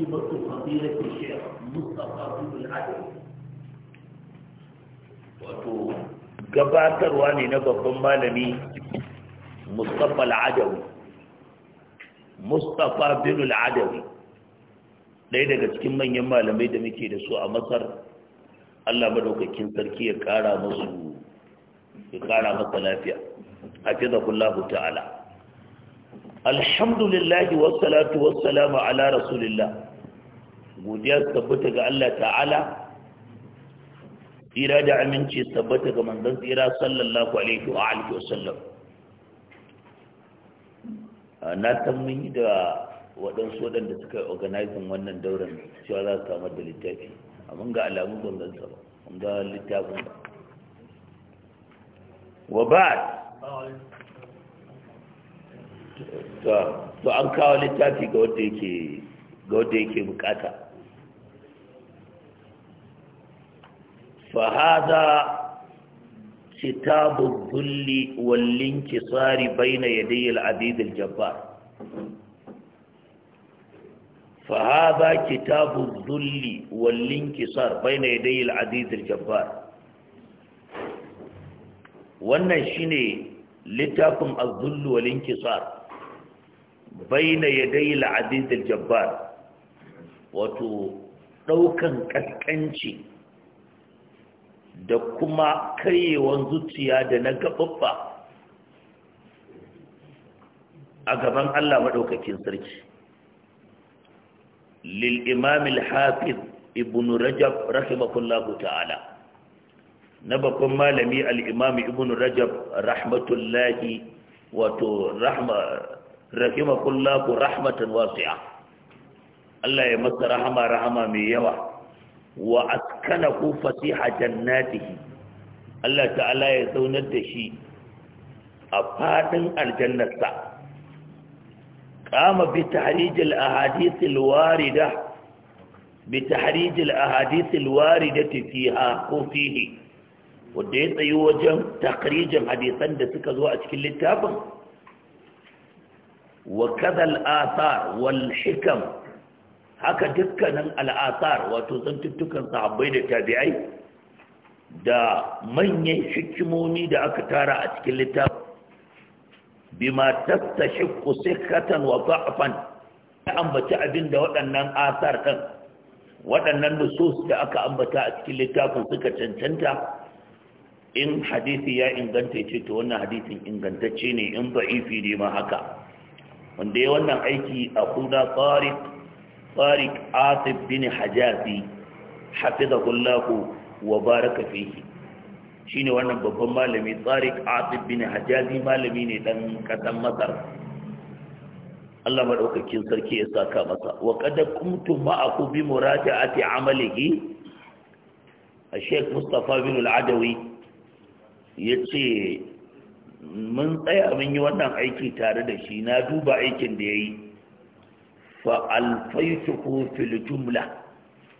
خطيبة فضيلة الشيخ مصطفى بن العدل wato gabatarwa ne na babban malami mustapha al'adawi mustapha bin al'adawi ɗaya daga cikin manyan malamai da muke da su a masar allah madaukakin sarki ya ƙara masu ya kara masa lafiya hafizahullahu ta'ala alhamdulillahi wassalatu wassalamu ala rasulillah godiya tabbata ga Allah ta'ala tsira da aminci tabbata ga manzan tsira sallallahu alaihi wa alihi sallam na san mun yi da waɗansu waɗanda suka yi organizing wannan dauran cewa za su samar da littafi amma ga alamun sa ba mun ga littafin ba wa ba'd to an kawo littafi ga wanda ga wanda yake bukata فهذا كتاب الذل والانكسار بين يدي العبيد الجبار فهذا كتاب الذل والانكسار بين يدي العبيد الجبار wannan shine littafin az-zull wal inkisar baina yaday al-aziz al-jabbar wato daukan kaskanci da kuma karyewan zuciya da na gaɓaɓɓa a gaban Allah maɗaukakin sarki lil imam hafiz ibn rajab rahimahullahu ta'ala na babban malami al-imam ibn rajab rahmatullahi wato rahma rahmatan wasi'a Allah ya masa rahama rahama mai yawa wa askana ko fasiha jannatihi Allah ta'ala ya zaunar da shi a fadin aljannarsa kama bi tahrijil ahadith alwarida bi tahrijil ahadith alwarida fiha ko fihi ya tsayo wajen takrijin hadisan da suka zo a cikin littafin wa kadhal athar wal hikam haka dukkanin al'asar wato zantuttukan sahabbai da tabi'ai da manyan shikimomi da aka tara a cikin littafin bima shikku sihhatan wa da'fan ya ambaci abin da waɗannan asar kan waɗannan nusus da aka ambata a cikin littafin suka cancanta in hadisi ya inganta ce to wannan hadisin ingantacce ne in ba'ifi ne ma haka wanda ya wannan aiki a kuna tsarin طارق asif bin hajazi حفظه wa baraka فيه shine wannan babban malami tsarik asif bin hajazi malami ne dan kasan masar Allah madaukakin sarki ya saka masa wa qad kuntum ma'ahu bi muraja'ati amalihi Sheikh Mustafa bin al-Adawi yace mun tsaya mun yi wannan aiki tare da shi na duba aikin da yayi fa ko fil jumla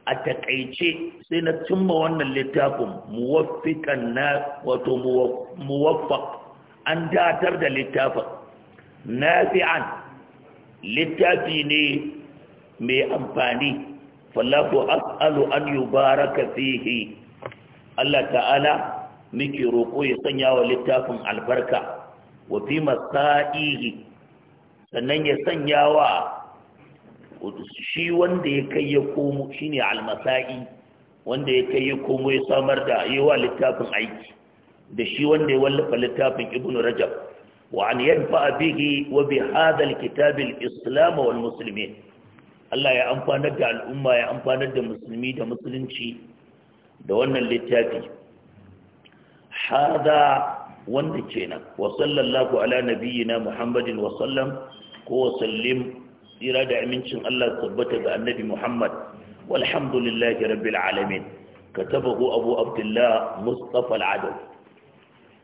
a takaice sai na cimma wannan littafin muwaffikan na wato muwaffaq an datar da littafin Na nafi'an littafi ne mai amfani fallafu as'alu an yubaraka fihi Allah ta'ala muke roƙo ya sanya wa littafin albarka wa fi masa'ihi sannan ya sanya wa qudus shi wanda ya kai ya komo shine ne almasa'i, wanda ya kai ya komo ya samar da yawa littafin aiki da shi wanda ya wallafa littafin ibn rajab wa an yadfa bihi wa bi hadha al-kitab wal muslimin Allah ya amfanar da al'umma ya amfanar da musulmi da musulunci da wannan littafi hadha wanda kenan wa sallallahu ala nabiyyina muhammadin wa sallam ko sallim tsira da amincin Allah tabbata ga annabi Muhammad walhamdulillahi rabbil alamin katabahu abu abdullah mustafa al-adab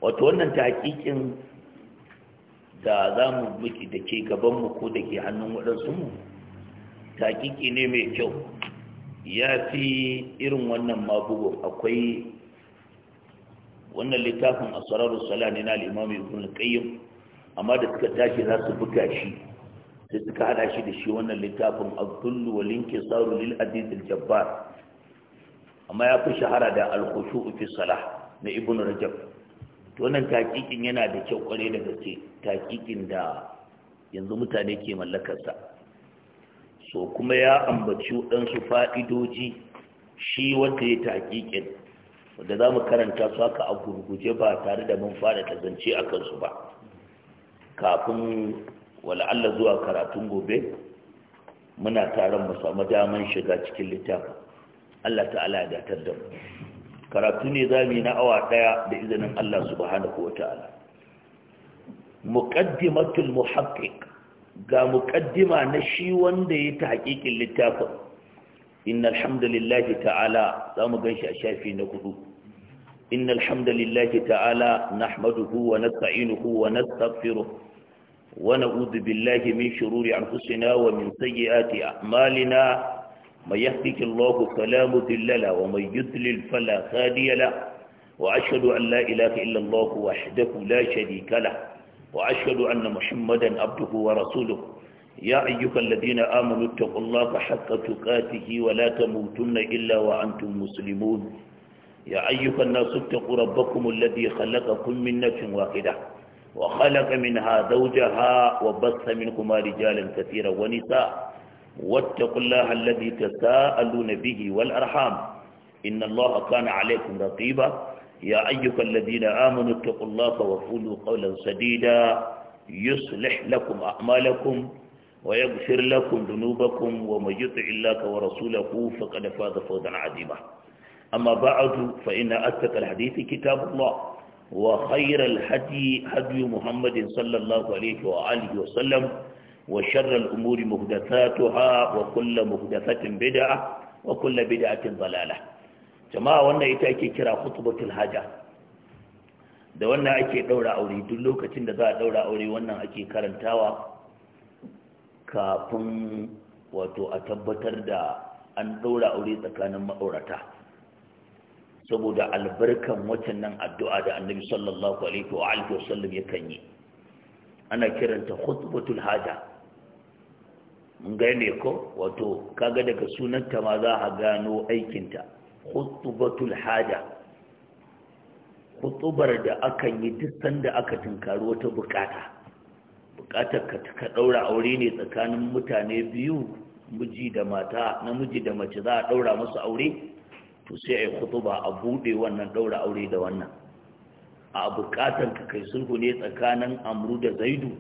wato wannan tahqiqin da zamu miki da ke gaban mu ko da ke hannun wadansu mu tahqiqi ne mai kyau ya fi irin wannan mabugun akwai wannan littafin asrarus salani na al-imam ibn qayyim amma da suka tashi za su buga shi sai suka hada shi da shi wannan littafin abdullu wa linki saru lil jabbar amma ya fi shahara da al-khushu fi salah na ibnu rajab to wannan taqiqin yana da kyau kware da gaske taqiqin da yanzu mutane ke mallakarsa. so kuma ya ambaci dan su fa'idoji shi wanda ya taqiqin wanda zamu karanta su haka a gurguje ba tare da mun fara tazance a kansu ba kafin wala Allah zuwa karatun gobe muna taron mu samu daman shiga cikin littafin Allah ta'ala ya datar da mu karatu ne zamu yi na awa daya da izinin Allah subhanahu wataala muqaddimatul muhaqqiq ga muƙaddima na shi wanda ya tahqiqin littafin inna alhamdulillahi ta'ala zamu ganshi a shafi na kudu Inna alhamdulillahi ta'ala na sainu huwa na safiru ونعوذ بالله من شرور أنفسنا ومن سيئات أعمالنا من يهدك الله فلا مذل له ومن يذلل فلا هادي له وأشهد أن لا إله إلا الله وحده لا شريك له وأشهد أن محمدا عبده ورسوله يا أيها الذين آمنوا اتقوا الله حق تقاته ولا تموتن إلا وأنتم مسلمون يا أيها الناس اتقوا ربكم الذي خلقكم من نفس واحده وخلق منها زوجها وبث منكما رجالا كثيرا ونساء واتقوا الله الذي تساءلون به والأرحام إن الله كان عليكم رقيبا يا أيها الذين آمنوا اتقوا الله وقولوا قولا سديدا يصلح لكم أعمالكم ويغفر لكم ذنوبكم ومن يطع الله ورسوله فقد فاز فوزا عظيما أما بعد فإن أتقى الحديث كتاب الله وخير الهدي هدي محمد صلى الله عليه وآله وسلم وشر الأمور مهدثاتها وكل مهدثة بدعة وكل بدعة ضلالة جماعة وانا يتأكي كرا خطبة الحاجة da wannan ake ɗaura aure duk lokacin da za a ɗaura aure wannan ake karantawa kafin wato a tabbatar da an ɗaura aure tsakanin ma'aurata saboda albarkan watan addu'a da annabi sallallahu alaihi wa alihi wasallam kan yi ana kiranta khutbatul haja mun gane ko wato kaga daga sunanta ma za a gano aikinta khutbatul haja khutubar da akan yi duk sanda aka tunkari wata bukata bukatar ka ɗaura daura aure ne tsakanin mutane biyu miji da mata namiji da mace za a daura musu aure to sai a yi kutuba a buɗe wannan ɗaura aure da wannan a buƙatar ka kai sulhu ne tsakanin amru da zaidu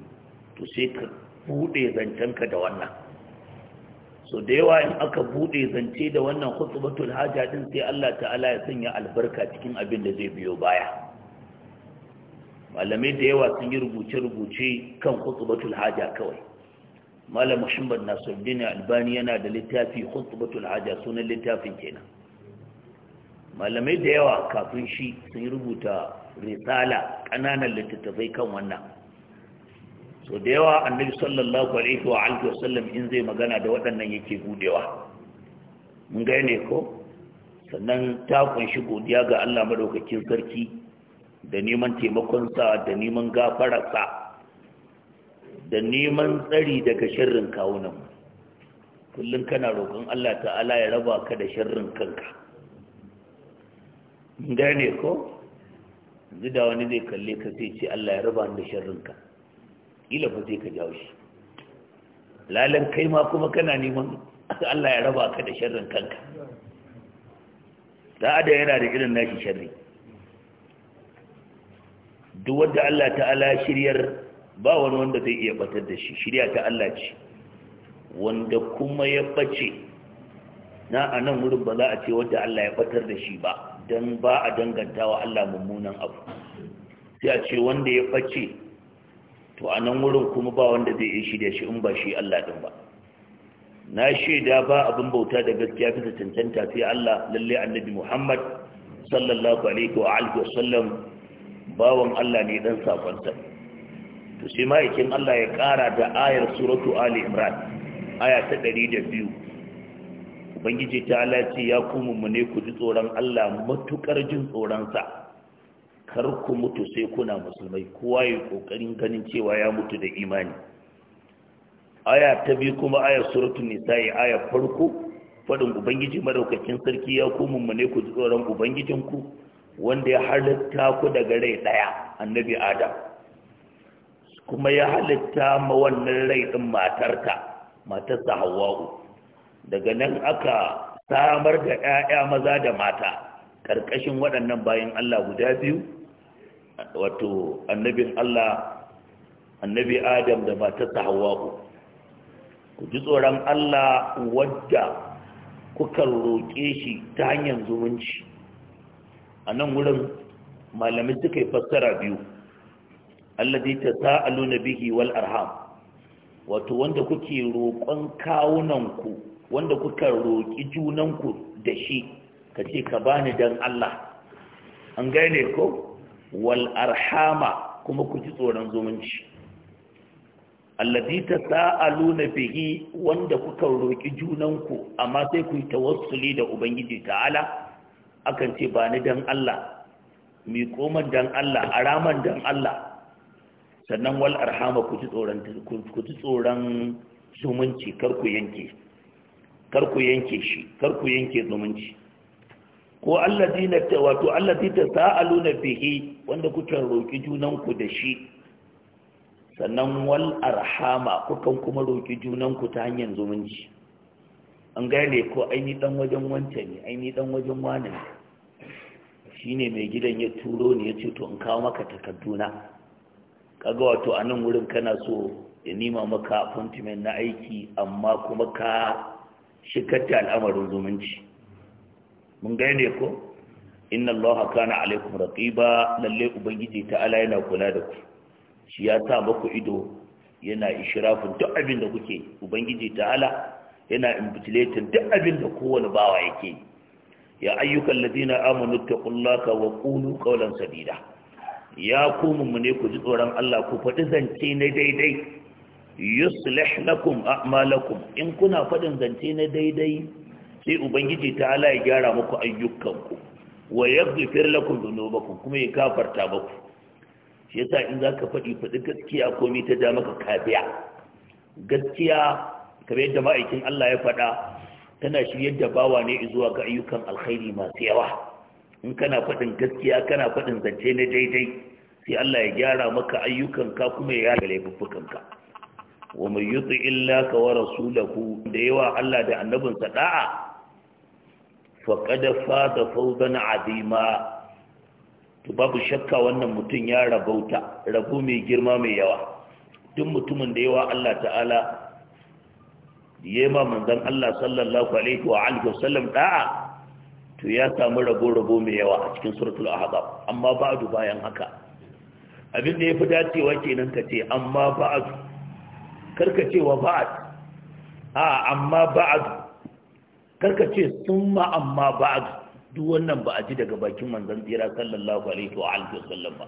to sai ka buɗe zancenka da wannan so da yawa in aka buɗe zance da wannan kutubatul haja din sai Allah ta'ala ya sanya albarka cikin abin da zai biyo baya malamai da yawa sun yi rubuce-rubuce kan kutubatul haja kawai malam muhammad nasiruddin albani yana da littafi kutubatul haja sunan littafin kenan malamai da yawa kafin shi sun rubuta risala ƙananan littattafai kan wannan so da yawa annabi sallallahu alaihi wa alihi wasallam in zai magana da waɗannan yake budewa mun ga ne ko sannan ta kunshi godiya ga Allah madaukakin sarki da neman taimakonsa da neman gafararsa da neman tsari daga sharrin kawunan kullum kana roƙon Allah ta'ala ya raba ka da sharrin kanka gane ko yanzu da wani zai kalle ka sai ce Allah ya raba da ka, ila ba zai ka jawo shi lalan kai ma kuma kana neman Allah ya raba ka da sharrin kanka da ada yana da irin nashi shirin duk wanda Allah ta'ala shiryar ba wani wanda zai iya batar da shi shirya ta Allah ce wanda kuma ya bace na anan wurin ba za a ce wanda Allah ya batar da shi ba don ba a danganta wa Allah mummunan abu sai a ce wanda ya face to a nan wurin kuma ba wanda zai yi shi da shi in ba shi Allah din ba na shaida ba abin bauta da gaskiya bisa tantanta, sai Allah lalle annabi Muhammad sallallahu alaihi wa alihi wasallam bawan Allah ne dan sakonta to sai ma'aikin Allah ya kara da ayar suratu Ali Imran aya ta 102 ubangiji ta ala ce ya kuma mu ne ku ji tsoron Allah matukar jin tsoronsa kar ku mutu sai kuna musulmai kowa ya kokarin ganin cewa ya mutu da imani aya ta biyu kuma aya suratul yi aya farko fadin ubangiji madaukakin sarki ya kuma mu ne ku ji tsoron ubangijinku wanda ya halitta ku daga rai daya annabi adam kuma ya halitta ma wannan rai din matarka matarsa hawwa'u daga nan aka samar da 'ya'ya maza da mata ƙarƙashin waɗannan bayan Allah guda biyu wato annabin Allah annabi Adam da matarsa hawa ku ji tsoron Allah wadda kuka roƙe shi ta hanyar zumunci a nan wurin malamai suka yi fassara biyu Allah allazi tasa'aluna bihi wal arham wato wanda kuke roƙon kawunanku wanda kuka roƙi junanku da shi ka ce ka bani dan Allah an gane ko wal arhama kuma ku ji tsoron zumunci allazi tasaaluna bihi wanda kuka roƙi junanku amma sai ku yi tawassuli da ubangiji ta'ala akan ce bani dan Allah mi koman dan Allah araman dan Allah sannan wal arhama ku ji tsoron ku ji tsoron zumunci kar ku yanke karku ku yanke shi karku yanke zumunci ko allazi na wato allazi ta sa'alu na bihi wanda kuka roki junanku da shi sannan wal arhama kukan kuma roki junanku ta hanyar zumunci an gane ko aini dan wajen wancan ne aini dan wajen wani ne shine mai gidan ya turo ne ya ce to in kawo maka takarduna kaga wato a nan wurin kana so ya nima maka appointment na aiki amma kuma ka shikatta al'amarin zumunci mun gane ko inna allaha kana alaikum raqiba lalle ubangiji ta Ala yana kula da ku shi ya sa muku ido yana ishrafin duk abin da kuke ubangiji ta Ala, yana imbitilatin duk abin da kowane bawa yake ya ayyukan ladina amanu taqullaka wa qulu qawlan sadida ya ku ne ku ji tsoron Allah ku faɗi zance na daidai yuslih lakum a'malakum in kuna fadin zance na daidai sai ubangiji ta ala ya gyara muku ayyukanku wa yaghfir lakum dhunubakum kuma ya kafarta muku shi yasa in zaka fadi fadi gaskiya komai ta da maka kafiya gaskiya kamar da ma'aikin Allah ya fada tana shiryar da bawa ne zuwa ga ayyukan alkhairi masu yawa in kana fadin gaskiya kana fadin zance na daidai sai Allah ya gyara maka ayyukanka kuma ya yi laifuffukanka wa mai yi illa ka wa rasulahu da yawa Allah da annabinsa da'a da fata fauzan azima to babu shakka wannan mutum ya rabauta rabu mai girma mai yawa duk mutumin da yawa Allah ta'ala ya ma manzan Allah sallallahu alaihi wa alihi wasallam da'a to ya sami rabo-rabo mai yawa a cikin suratul ahzab amma ba'du bayan haka abin da yafi dacewa kenan ka ce amma ba'du karka ce wa ba'ad a amma ba'ad karka ce summa amma ba'ad duk wannan ba a ji daga bakin manzon tsira sallallahu alaihi wa alihi wasallam ba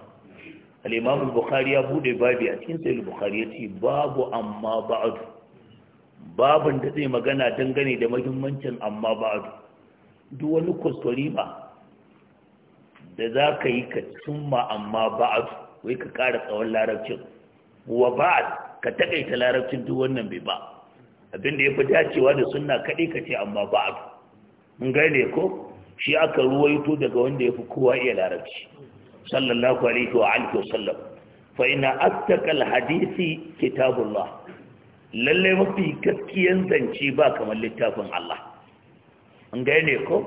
al-imam al-bukhari ya bude babi a cikin sahih al-bukhari ce babu amma ba'ad babin da zai magana dangane da muhimmancin amma ba'ad duk wani kuskure ba da za ka yi ka summa amma ba'ad wai ka kara tsawon larabcin wa ba'ad ka takaita larabcin duk wannan bai ba abinda ya fi dacewa da sunna kaɗai ka ce amma ba abu mun gane ko shi aka ruwaito daga wanda ya fi kowa iya larabci sallallahu alaihi wa alihi wa sallam fa ina attaqal hadisi kitabullah lalle mafi gaskiyan zance ba kamar littafin Allah an gane ko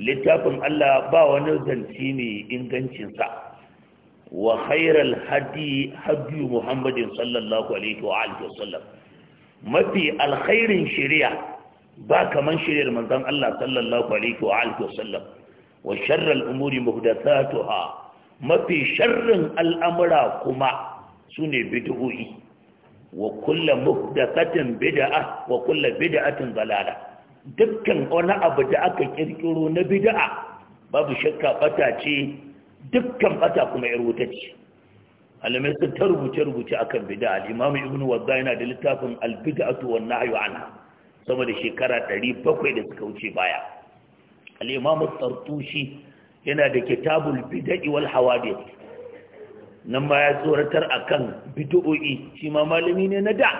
littafin Allah ba wani zance mai ingancinsa Wa الهدي هدي محمد صلى mafi alkhairin shari'a ba kaman shari'ar manzon Allah sallallahu alaihi wa alihi wasallam wa mafi sharrin al'amura kuma sune bid'o'i wa kullu muhdathatin bid'a wa kullu bid'atin dalala dukkan wani abu da aka ƙirƙiro na bid'a babu shakka bata ce dukkan bata kuma ya wuta ce alamai sun ta rubuce-rubuce a kan bida al'imamu ibn wadda yana da littafin albida a tuwon na nahyu ana sama da shekara 700 da suka wuce baya al'imamu tsartushi yana da kitabul bida iwal hawadith nan ma ya tsoratar a akan bid'o'i shi ma malami ne na da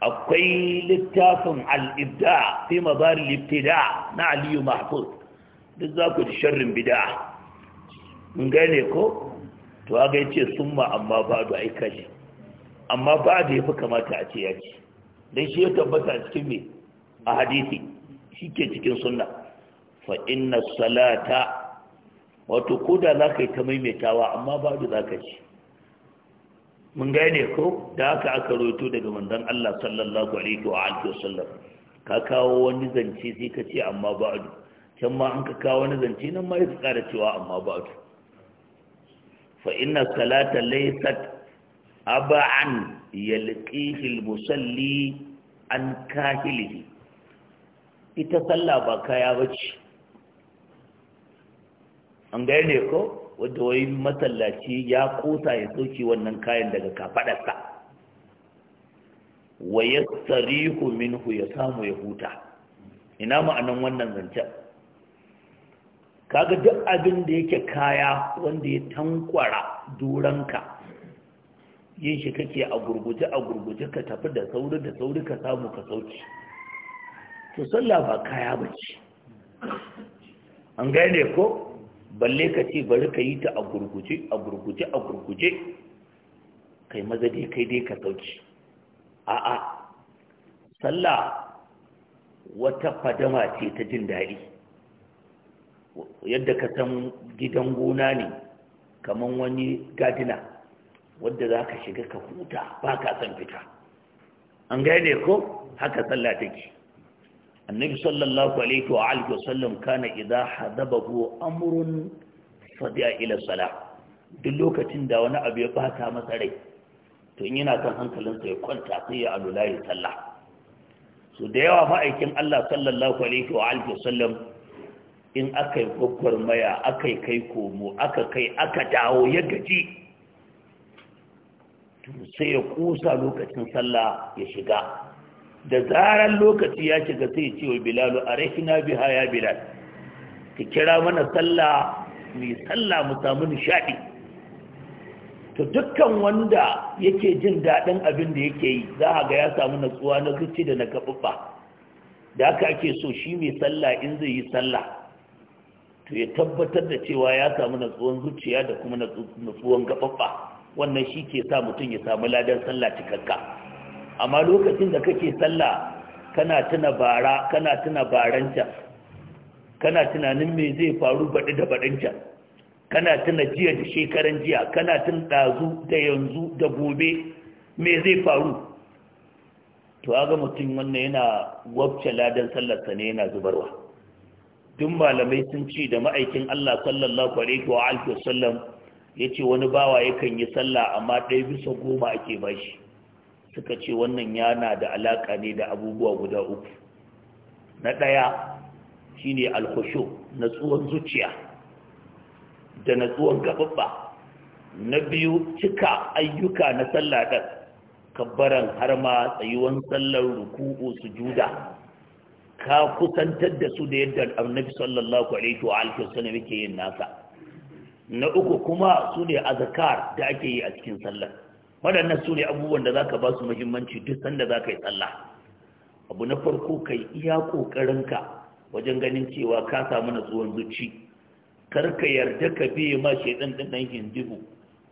akwai littafin al'ibda fi mabar al na aliyu mahfuz duk za ku ji sharrin bida'a mun gane ko to aga yace summa amma ba da ai kashi amma ba da yafi kamata a ce ya ce dan shi ya tabbata a cikin me a hadisi shike cikin sunna fa inna salata wato koda zaka yi ta maimaitawa amma ba da zaka ce mun gane ko da haka aka roto daga manzon Allah sallallahu alaihi wa alihi wasallam ka kawo wani zance sai ka ce amma ba'du can ma an ka kawo wani zance nan ma ya ƙara cewa amma ba'du fa inna salata laysat aba'an yalqihi al-musalli an kahilihi ita sallah ba kaya bace an gane ko wanda wai masallaci ya kota ya sauke wannan kayan daga kafadarsa wa yastarihu minhu ya samu ya huta ina ma'anan wannan zancen kaga duk abin da yake kaya wanda ya tankwara duranka yin shi kake a gurguje a gurguje ka tafi da sauri da sauri ka samu ka sauki to sallah ba kaya ba ce an gane ko balle ka ce bari ka yi ta a gurguje a gurguje a gurguje kai maza dai kai dai ka sauki a'a sallah wata fadama ce ta jin daɗi yadda ka san gidan gona ne kamar wani gadina wadda za ka shiga ka huta ba ka san fita an gane ko haka sallah take annabi sallallahu alaihi wa alihi wa sallam kana idza hadabahu amrun fadi'a ila salah duk lokacin da wani abu ya bata masa rai to in yana kan hankalinsa ya kwanta sai ya alula ya sallah Su da yawa ma'aikin Allah sallallahu alaihi wa alihi wa sallam in aka yi gwaggwar maya aka yi kai komo aka kai aka dawo ya gaji sai ya kusa lokacin sallah ya shiga da zarar lokaci ya shiga sai ce wa bilalu a rahina biha ya bilal Ka kira mana sallah mai sallah mu samu nishadi to dukkan wanda yake jin daɗin abin da yake yi za a ga ya samu natsuwa na zuci da na gaɓuɓɓa da aka ake so shi mai sallah in zai yi sallah to ya tabbatar da cewa ya samu natsuwan zuciya da kuma natsuwan gababba wannan shi ke sa mutum ya samu ladan sallah cikakka amma lokacin da kake sallah kana tuna bara kana tuna baranta kana tunanin me zai faru baɗi da baɗinta kana tuna jiya da shekaran jiya kana tun ɗazu da yanzu da gobe me zai faru to aga mutum wannan yana wabce ladan sallarsa ne yana zubarwa duk malamai sun ce da ma'aikin Allah sallallahu alaihi wa alihi wasallam yace wani bawa yakan yi sallah amma ɗaya bisa goma ake bashi suka ce wannan yana da alaka ne da abubuwa guda uku na ɗaya shine na tsuwon zuciya da na tsuwon gababba na biyu cika ayyuka na sallah ɗin kabbaran har tsayuwan sallar ruku'u sujuda ka kusantar da su da yadda annabi sallallahu alaihi wa alihi wasallam yake yin nasa na uku kuma su ne azkar da ake yi a cikin sallah wadannan su ne abubuwan da zaka ba su muhimmanci duk sanda zaka yi sallah abu na farko kai iya ka wajen ganin cewa ka samu natsuwan zuci kar ka yarda ka biya ma shaidan din dan hindibu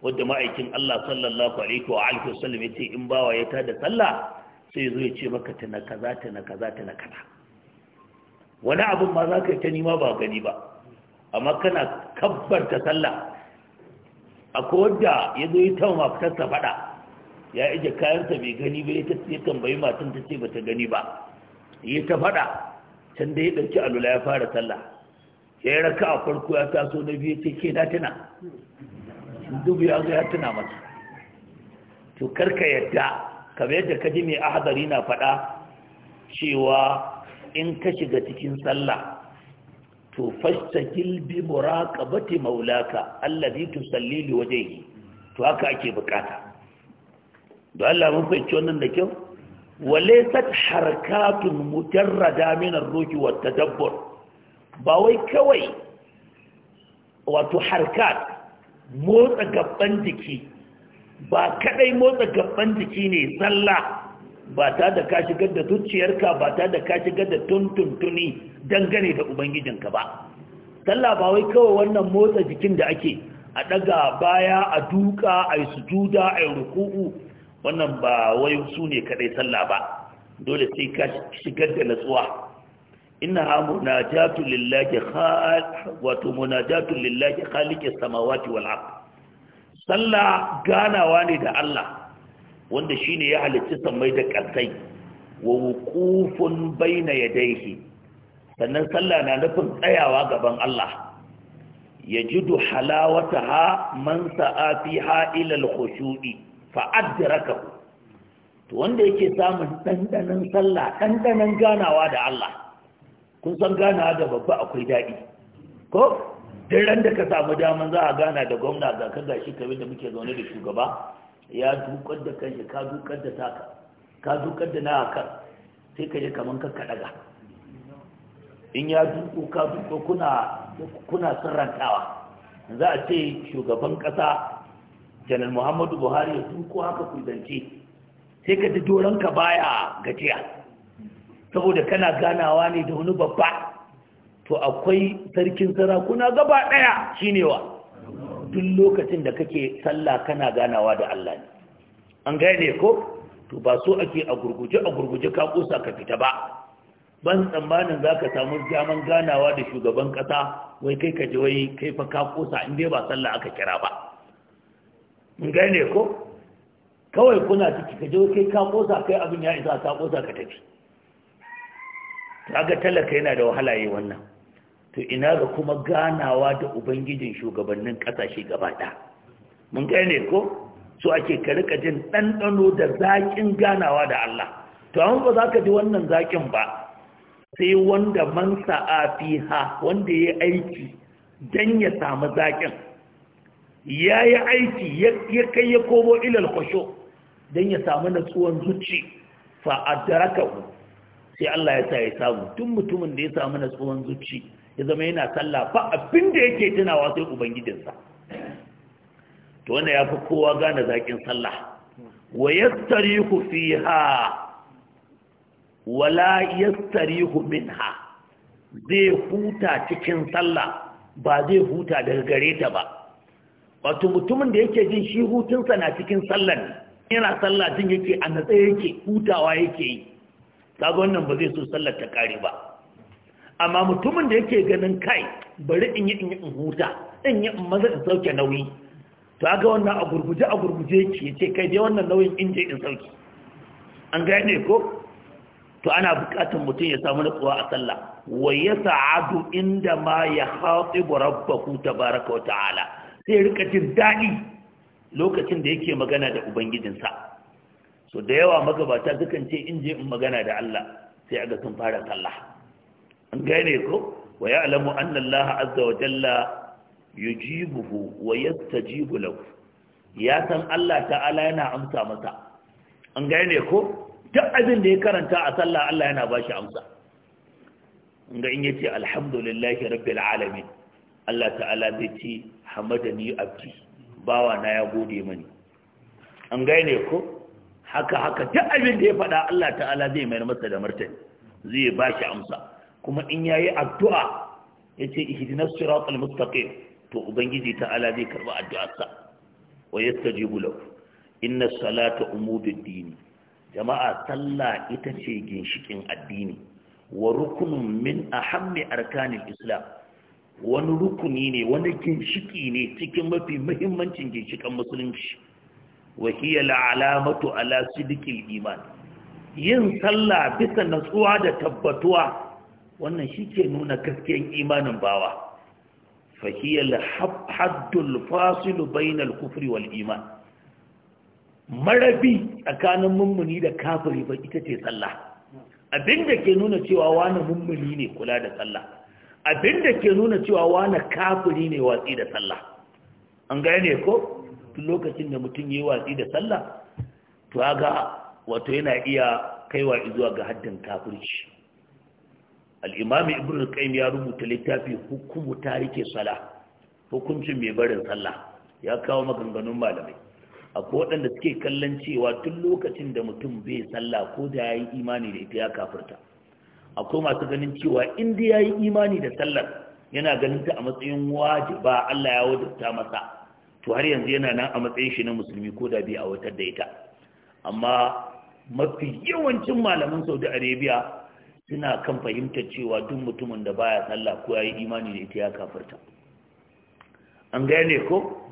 wanda ma'aikin Allah sallallahu alaihi wa alihi wasallam yace in bawa ya tada sallah sai zo ya ce maka tana kaza tana kaza tana kaza wani abin ma za ka yi ta nima ba gani ba amma kana kabbarta sallah ko wadda ya zo yi ta mafitarsa faɗa ya ije kayansa bai gani ba ya tambayi matan ta ce bata gani ba ya ta faɗa can da ya ɗauki alula ya fara sallah ya yi raka a farko ya taso na biyu ce ke na tuna dubu ya zo ya tuna masa to karka yadda kamar yadda ka ji mai ahadari na faɗa cewa in ka shiga cikin sallah to fastakil bi muraqabati maulaka allazi tusalli li wajhihi to haka ake bukata don Allah mun fahimci wannan da kyau walaysat harakatun mujarrada min ar-ruki wa tadabbur ba wai kawai wato harkat motsa gaban jiki ba kadai motsa gaban jiki ne sallah ba ta da ka shigar da zuciyarka ba ta da ka shigar da tuntuntuni dangane da ubangijinka ba sallah ba wai kawai wannan motsa jikin da ake a daga baya a duka a yi sujuda a yi ruku'u wannan ba wai su ne kadai sallah ba dole sai ka shigar da natsuwa innaha munajatu lillahi khal wato munajatu lillahi khaliqis samawati wal ard sallah ganawa ne da Allah wanda shine ya halicci sammai da ƙarsai, wa wuqufun baina yadayhi sannan sallah na nufin tsayawa gaban Allah yajidu halawataha man sa'a ha ila khushui fa adrakahu to wanda yake samun dandanan sallah dandanan ganawa da Allah kun san ganawa da babba akwai daɗi ko duk da ka samu daman za a gana da gwamna ga ka gashi kamar da muke zaune da shugaba ya dukar da kanshi ka dukar da taka ka dukar da na haka sai ka je kaman kakka daga in ya duko ka duko kuna kuna sirrantawa za a ce shugaban kasa janar muhammadu buhari ya duko haka kudance sai ka ji doronka baya gajiya saboda kana ganawa ne da wani babba to akwai sarkin sarakuna gaba daya shine wa duk lokacin da kake sallah kana ganawa da Allah ne an gane ko to ba so ake a gurguje a gurguje ka kusa ka fita ba ban tsammanin za ka samu jaman ganawa da shugaban kasa wai kai ka je wai kai fa ka kusa in dai ba sallah aka kira ba in gane ko kawai kuna ciki ka je wai kai ka kusa kai abin ya isa ka kusa ka tafi kaga talaka yana da wahala yi wannan to ina ga kuma ganawa da ubangijin shugabannin kasashe gaba ɗaya mun gane ko so ake ka rika jin ɗanɗano da zaƙin ganawa da Allah to an ba za ka ji wannan zaƙin ba sai wanda man sa'a ha, wanda ya aiki don ya samu zaƙin ya yi aiki ya kai ya komo ilal kwasho don ya samu natsuwan zuci fa ku, sai Allah ya sa ya samu tun mutumin da ya samu natsuwan zuci ya zama yana sallah ba abin yake tunawa sai ubangijinsa to wanda ya kowa gane zaƙin sallah wa yastarihu fiha wala yastarihu minha zai huta cikin sallah ba zai huta daga gare ta ba wato mutumin da yake jin shi hutunsa na cikin sallar yana sallah din yake a natsa yake hutawa yake yi kaga wannan ba zai so sallar ta kare ba amma mutumin da yake ganin kai bari in yi in yi huta in yi in maza in sauke nauyi to aga wannan a gurguje a gurguje yake ce kai dai wannan nauyin in je in sauke an gane ko to ana bukatar mutum ya samu nutsuwa a sallah wa yas'adu inda ma ya khatibu rabbahu tabaraka wa ta'ala sai rika jin dadi lokacin da yake magana da ubangijinsa so da yawa magabata dukan ce in je in magana da Allah sai aga sun fara sallah an gane ko wa ya'lamu anna Allah azza wa jalla yujibuhu wa yastajibu lahu ya san Allah ta'ala yana amsa masa an gane ko duk abin da ya karanta a sallah Allah yana ba shi amsa ga in yace alhamdulillahi rabbil alamin Allah ta'ala zai ci hamadani abdi bawa na ya gode mani an gane ko haka haka duk abin da ya faɗa Allah ta'ala zai mai masa da martani zai ba shi amsa kuma in ya yi addu'a yace ihdinas al mustaqim to ubangiji ta'ala zai karɓi addu'arsa wa yastajibu lahu inna salata umudud dini. jama'a sallah ita ce ginshikin addini wa rukunin min ahammi arkanin islam wani rukuni ne wani ginshiki ne cikin mafi muhimmancin ginshikan musulunci wa hiya alamatu ala sidikin iman yin sallah bisa natsuwa da tabbatuwa wannan shi ke nuna gaskiyar imanin bawa fahiyar haddul fasilu bainal kufri wal iman marabi tsakanin mummuni da kafiri ba ita ce sallah abinda ke nuna cewa wani mummuni ne kula da sallah abinda ke nuna cewa wani kafiri ne watsi da sallah an gane ko tun lokacin da mutum yi watsi da sallah to ga wato yana iya kaiwa zuwa ga haddin kafirci Al'imami imam ibn al ya rubuta littafi hukumu tarike Sallah. hukuncin mai barin sallah ya kawo maganganun malamai akwai waɗanda suke kallon cewa tun lokacin da mutum bai sallah ko da ya yi imani da ita ya kafirta akwai masu ganin cewa inda ya yi imani da sallar yana ganin ta a matsayin wajiba Allah ya wajibta masa to har yanzu yana nan a matsayin shi na musulmi ko da bai awatar da ita amma mafi yawancin malaman saudi arabia suna kan fahimtar cewa duk mutumin da baya sallah ko yayi imani da ita ya kafirta an gane ko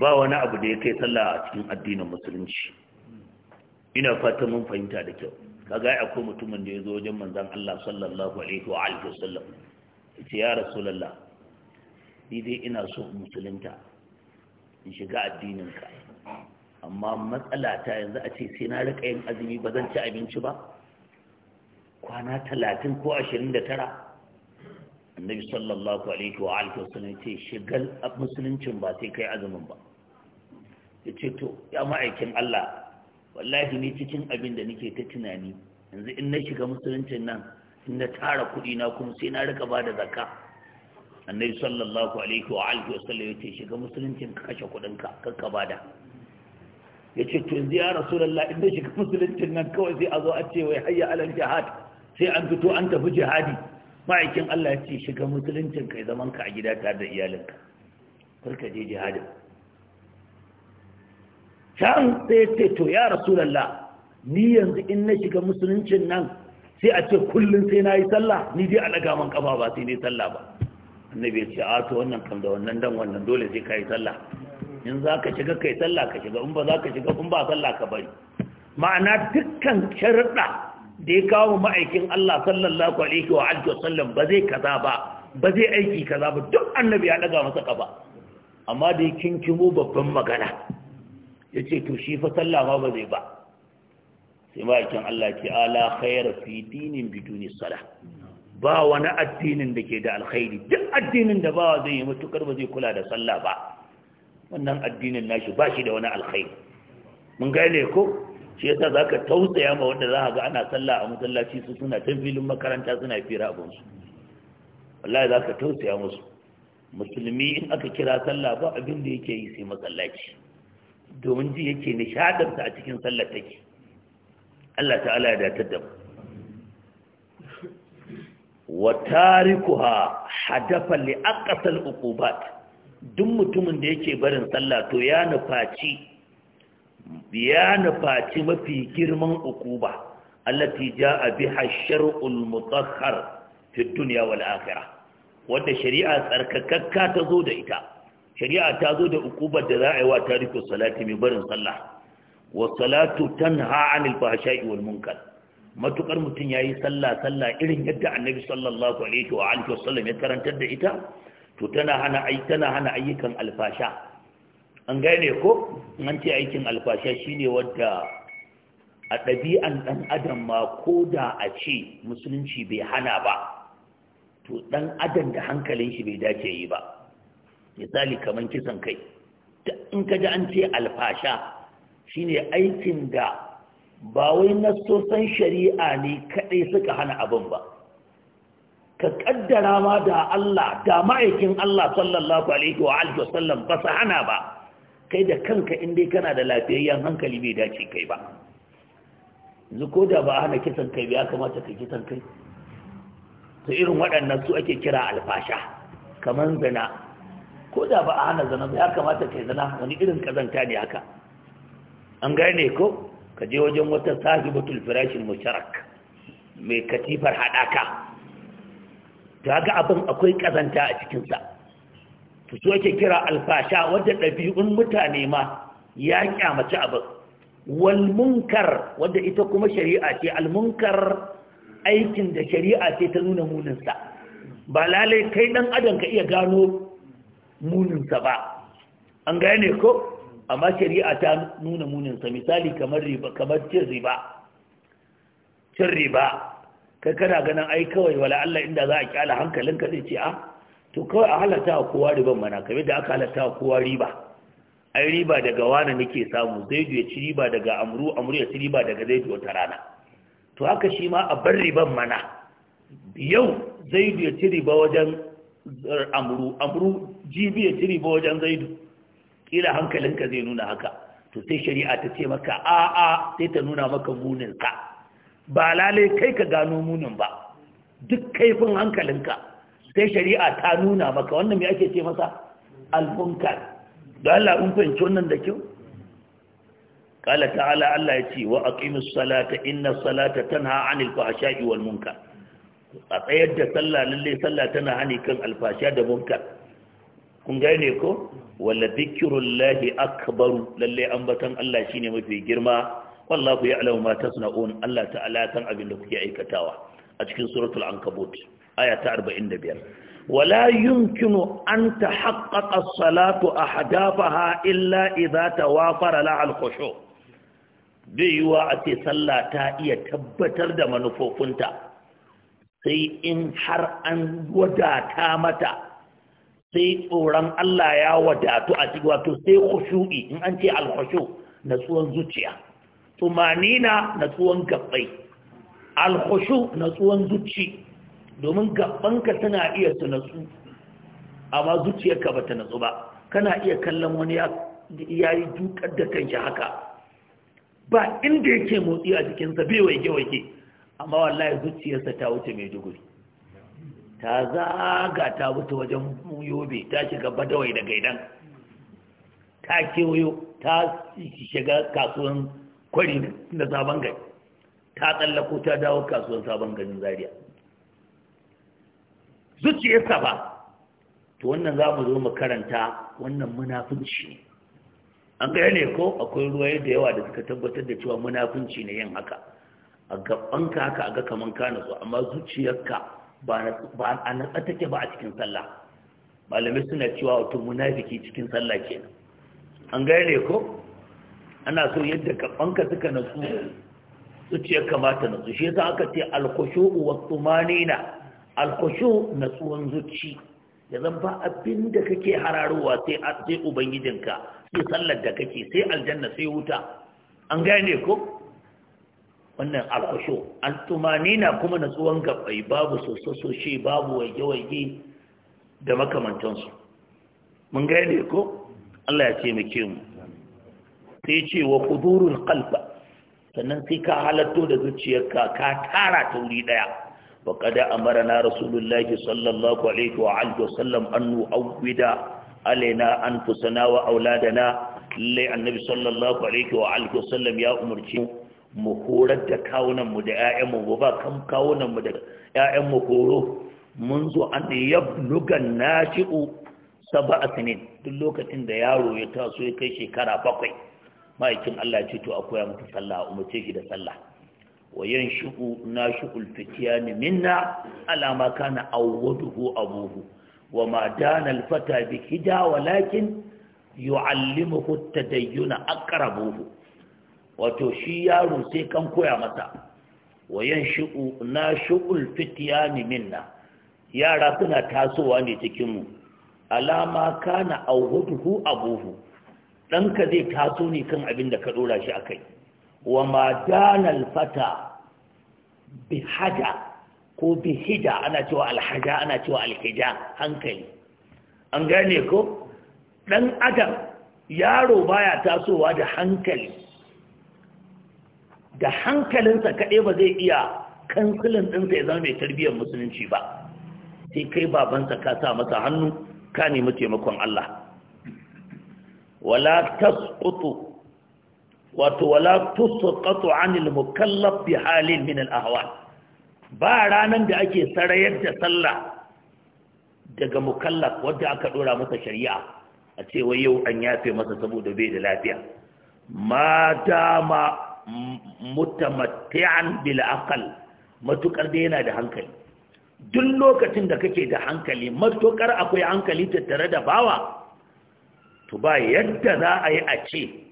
ba wani abu da ya kai sallah a cikin addinin musulunci ina fata mun fahimta da kyau kaga ai akwai mutumin da ya zo wajen manzon Allah sallallahu alaihi wa alihi wasallam yace ya rasulullah ni dai ina so musulunta in shiga addinin ka amma matsala ta yanzu a ce sai na rika yin azumi ba zan ci abinci ba kwana talatin ko ashirin da tara annabi sallallahu alaihi wa alihi wasallam ce shigar musuluncin ba sai kai azumin ba ya ce to ya ma'aikin Allah wallahi ni cikin abin da nake ta tunani yanzu in na shiga musuluncin nan in na tara kuɗi na kuma sai na rika ba da zakka annabi sallallahu alaihi wa alihi wasallam ya ce shiga musuluncin ka kashe kuɗinka kakka bada ya ce to yanzu ya rasulullah in na shiga musuluncin nan kawai sai a zo a ce wai hayya alal jihad sai an fito an tafi jihadi ma'aikin Allah ya ce shiga musuluncin kai zaman ka a gida tare da iyalinka ka je jihadin can sai ya ce to ya rasulallah ni yanzu in na shiga musuluncin nan sai a ce kullum sai na yi sallah ni dai alaga man kafa ba sai ne sallah ba annabi ya ce a to wannan kam da wannan dan wannan dole sai ka yi sallah in za ka shiga kai sallah ka shiga in ba za ka shiga in ba sallah ka bari ma'ana dukkan sharuɗa da ya kawo ma'aikin Allah sallallahu alaihi wa alihi wasallam ba zai kaza ba ba zai aiki kaza ba duk annabi ya daga masa kaba amma da ya kinkimo babban magana ya ce to shi fa sallah ma ba zai ba sai ma'aikin Allah ke ala khayra fi dinin biduni salah ba wani addinin da ke da alkhairi duk addinin da ba zai yi matukar ba zai kula da sallah ba wannan addinin nashi ba shi da wani alkhairi mun gane ko shi yasa ka tausaya ma wanda za a ga ana sallah a masallaci su suna can filin makaranta suna fira abinsu? su wallahi ka tausaya musu musulmi in aka kira sallah ba abin da yake yi sai masallaci domin ji yake nishadarsa a cikin sallar take Allah ta'ala ya datar da mu wa tarikuha hadafa li aqsal uqubat duk mutumin da yake barin sallah to ya nufaci ya nufaci mafi girman ukuba allati ja'a biha shar'ul mutahhar fi dunya wal akhirah wanda shari'a tsarkakakka ta zo da ita shari'a ta zo da ukubar da za a yi wa tariku salati mai barin sallah wa salatu tanha anil fahsha'i wal munkar matukar mutum yayi sallah sallah irin yadda annabi sallallahu alaihi wa alihi wasallam ya karantar da ita to tana hana ai tana hana ayyukan alfasha an gane ko an ce aikin alfasha shine wadda a ɗabi'an ɗan adam ma ko da a ce musulunci bai hana ba to ɗan adam da hankalin shi bai dace yi ba misali kamar kisan kai in ka ji an ce alfasha shine aikin da ba wai nasosan shari'a ne kaɗai suka hana abin ba ka kaddara ma da Allah da ma'aikin Allah sallallahu alaihi wa alihi ba su hana ba kai da kanka in dai kana da lafiyayyen hankali bai dace kai ba yanzu ko da ba hana kisan kai ba ya kamata ka kisan kai to irin waɗannan su ake kira alfasha kamar zana. ko da ba a hana zana ba ya kamata kai zana. wani irin kazanta ne haka an gane ko ka je wajen wata sahibatul firashin musharak mai katifar haɗaka ta ga abin akwai kazanta a cikinsa to ake kira alfasha wadda ɗabi'un mutane ma ya kyamaci abin walmunkar wadda ita kuma shari'a ce almunkar aikin da shari'a ce ta nuna muninsa ba lalai kai ɗan adam ka iya gano muninsa ba an gane ko amma shari'a ta nuna muninsa misali kamar riba kamar cin riba cin riba kai kana ganin ai kawai wala Allah inda za a kyala hankalinka zai ce a ah, to kawai a halatta a kowa riban mana kame da aka halatta a kowa riba ai riba daga wani nake samu zaidu ya ci riba daga amru amru ya ci riba daga zaidu wata rana to haka shi ma a bar riban mana yau zaidu ya ci riba wajen er, amru amru jibi ya ci riba wajen zaidu kila hankalinka zai nuna haka to sai shari'a ta ce maka a'a sai ta nuna maka muninka ba lalai kai ka gano munin ba duk kaifin hankalinka sai shari'a ta nuna maka wannan mai ake ce masa al-munkar don Allah in fahimci wannan da kyau kala ta'ala Allah ya ce wa aqimus salata inna salata tanha 'anil fahsha'i wal munkar a tsayar da sallah lalle sallah tana hani kan alfasha da munkar kun ne ko wala dhikrullahi akbar lalle ambatan Allah shine mafi girma wallahu ya'lamu ma tasna'un Allah ta'ala kan abin da kuke aikatawa a cikin suratul ankabut aya ta biyar. wala yunkinu an ta haƙaƙa salatu ahdafaha illa idza tawafara la al kwasho bai yiwa a ce sallah ta iya tabbatar da manufofinta sai in har an wadata mata sai tsoron Allah ya wadatu a cikin wato sai khushu'i in an ce al na natsuwan zuciya tumanina natsuwan gabbai al na natsuwan zuci domin gabanka tana iya tunatsu amma zuciyarka ba ta natsu ba kana iya kallon wani ya yi dukar da kanshi haka ba inda yake motsi a jikinsa bai waike-waike amma wallahi zuciyarsa ta wuce mai duguri ta zaga ta wuce wajen yobe ta shiga badawai da gaidan ta kewayo ta shiga kasuwan kwari na sabon gari ta tsallako ta dawo kasuwan sabon garin zaria zuciyarsa ba to wannan za mu zo mu karanta wannan munafunci ne an gaya ne ko akwai ruwa da yawa da suka tabbatar da cewa munafunci ne yin haka a gabanka haka a ga kaman ka natsu amma zuciyarka ba a natsa take ba a cikin sallah malamai suna cewa wato munafiki cikin sallah kenan an gaya ne ko ana so yadda gabanka suka natsu zuciyarka ma ta natsu shi yasa aka ce alkhushu'u wa tumanina alkushu na tsuwan zuci ya zan ba abin da kake hararowa sai sai ubangijinka sai sallar da kake sai aljanna sai wuta an gane ko wannan alkushu na kuma na tsuwan gabai babu sosososhe babu waige-waige da makamantansu mun gane ko Allah ya muke mu sai ce wa kudurul qalba sannan sai ka halatto da zuciyarka ka tara ta wuri daya وقد أمرنا رسول الله صلى الله عليه وآله وسلم أن نؤود علينا أنفسنا وأولادنا للي النبي صلى الله عليه وآله وسلم يا أمرتي mu horar da kawunan da 'ya'yanmu ba ba kan kawunan da 'ya'yanmu horo mun zo an da yablugan nashi'u saba'a sinin duk lokacin da yaro ya taso ya kai shekara bakwai ma'aikin Allah ce to a koya masa sallah a umarce shi da sallah na وينشئ ناشئ الفتيان منا على ما كان أوده أبوه وما دان bi hida walakin yu'allimuhu tadayyuna aqrabuhu wato shi yaro sai kan koya masa wayan shu'u na fitiya ni minna yara suna tasowa ne cikin mu alama kana awwaduhu abuhu danka zai taso ne kan abin da ka dora shi akai wa ma dana alfata ko bihida ana cewa alhaja ana cewa alhija hankali an gane ko dan adam yaro baya tasowa da hankali da hankalinsa kaɗai ba zai iya kansulin ɗinsa ya zama mai tarbiyyar musulunci ba sai kai babansa ka sa masa hannu ka nemi taimakon Allah wala tasqutu wato wala tusqatu anil mukallaf bi halin min al ahwal ba ranan da ake sarayar da sallah daga mukallaf wanda aka dora masa shari'a a ce wai yau an yafe masa saboda bai da lafiya ma dama mutamatti'an bil aqal matukar da yana da hankali duk lokacin da kake da hankali matukar akwai hankali tattare da bawa to ba yadda za a yi a ce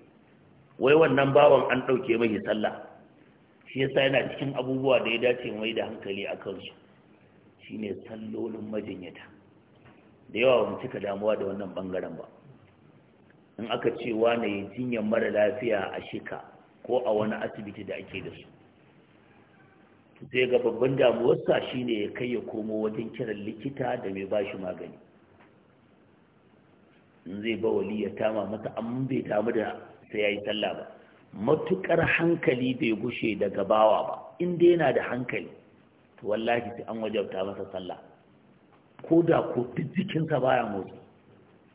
wai wannan bawan an ɗauke mai sallah shi yasa yana cikin abubuwa da ya dace mai da hankali a kansu ne sallolin majinyata da yawa wani cika damuwa da wannan ɓangaren ba in aka ce wane ya jinyar mara lafiya a shika ko a wani asibiti da ake da su zai ga babban damuwarsa shine ya kai ya komo wajen kiran likita da mai bashi magani in zai ba wali ya tama mata an bai damu da sai ya yi sallah ba matuƙar hankali bai gushe daga bawa ba inda yana da hankali to wallahi sai an wajabta masa sallah ko da ko duk jikinsa baya motsi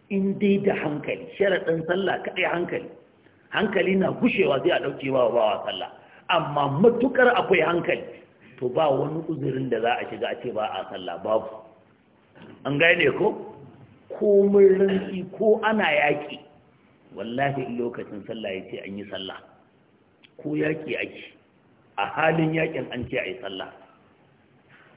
in dai da hankali sharaɗin sallah kaɗai hankali hankali na gushewa sai a ɗauke wa bawa sallah amma matukar akwai hankali to ba wani uzurin da za a shiga a ce ba a sallah babu an gane ko komai rantsi ko ana yaƙi wallahi in lokacin sallah ya ce an yi sallah ko yaƙi ake a halin yaƙin an ce a yi sallah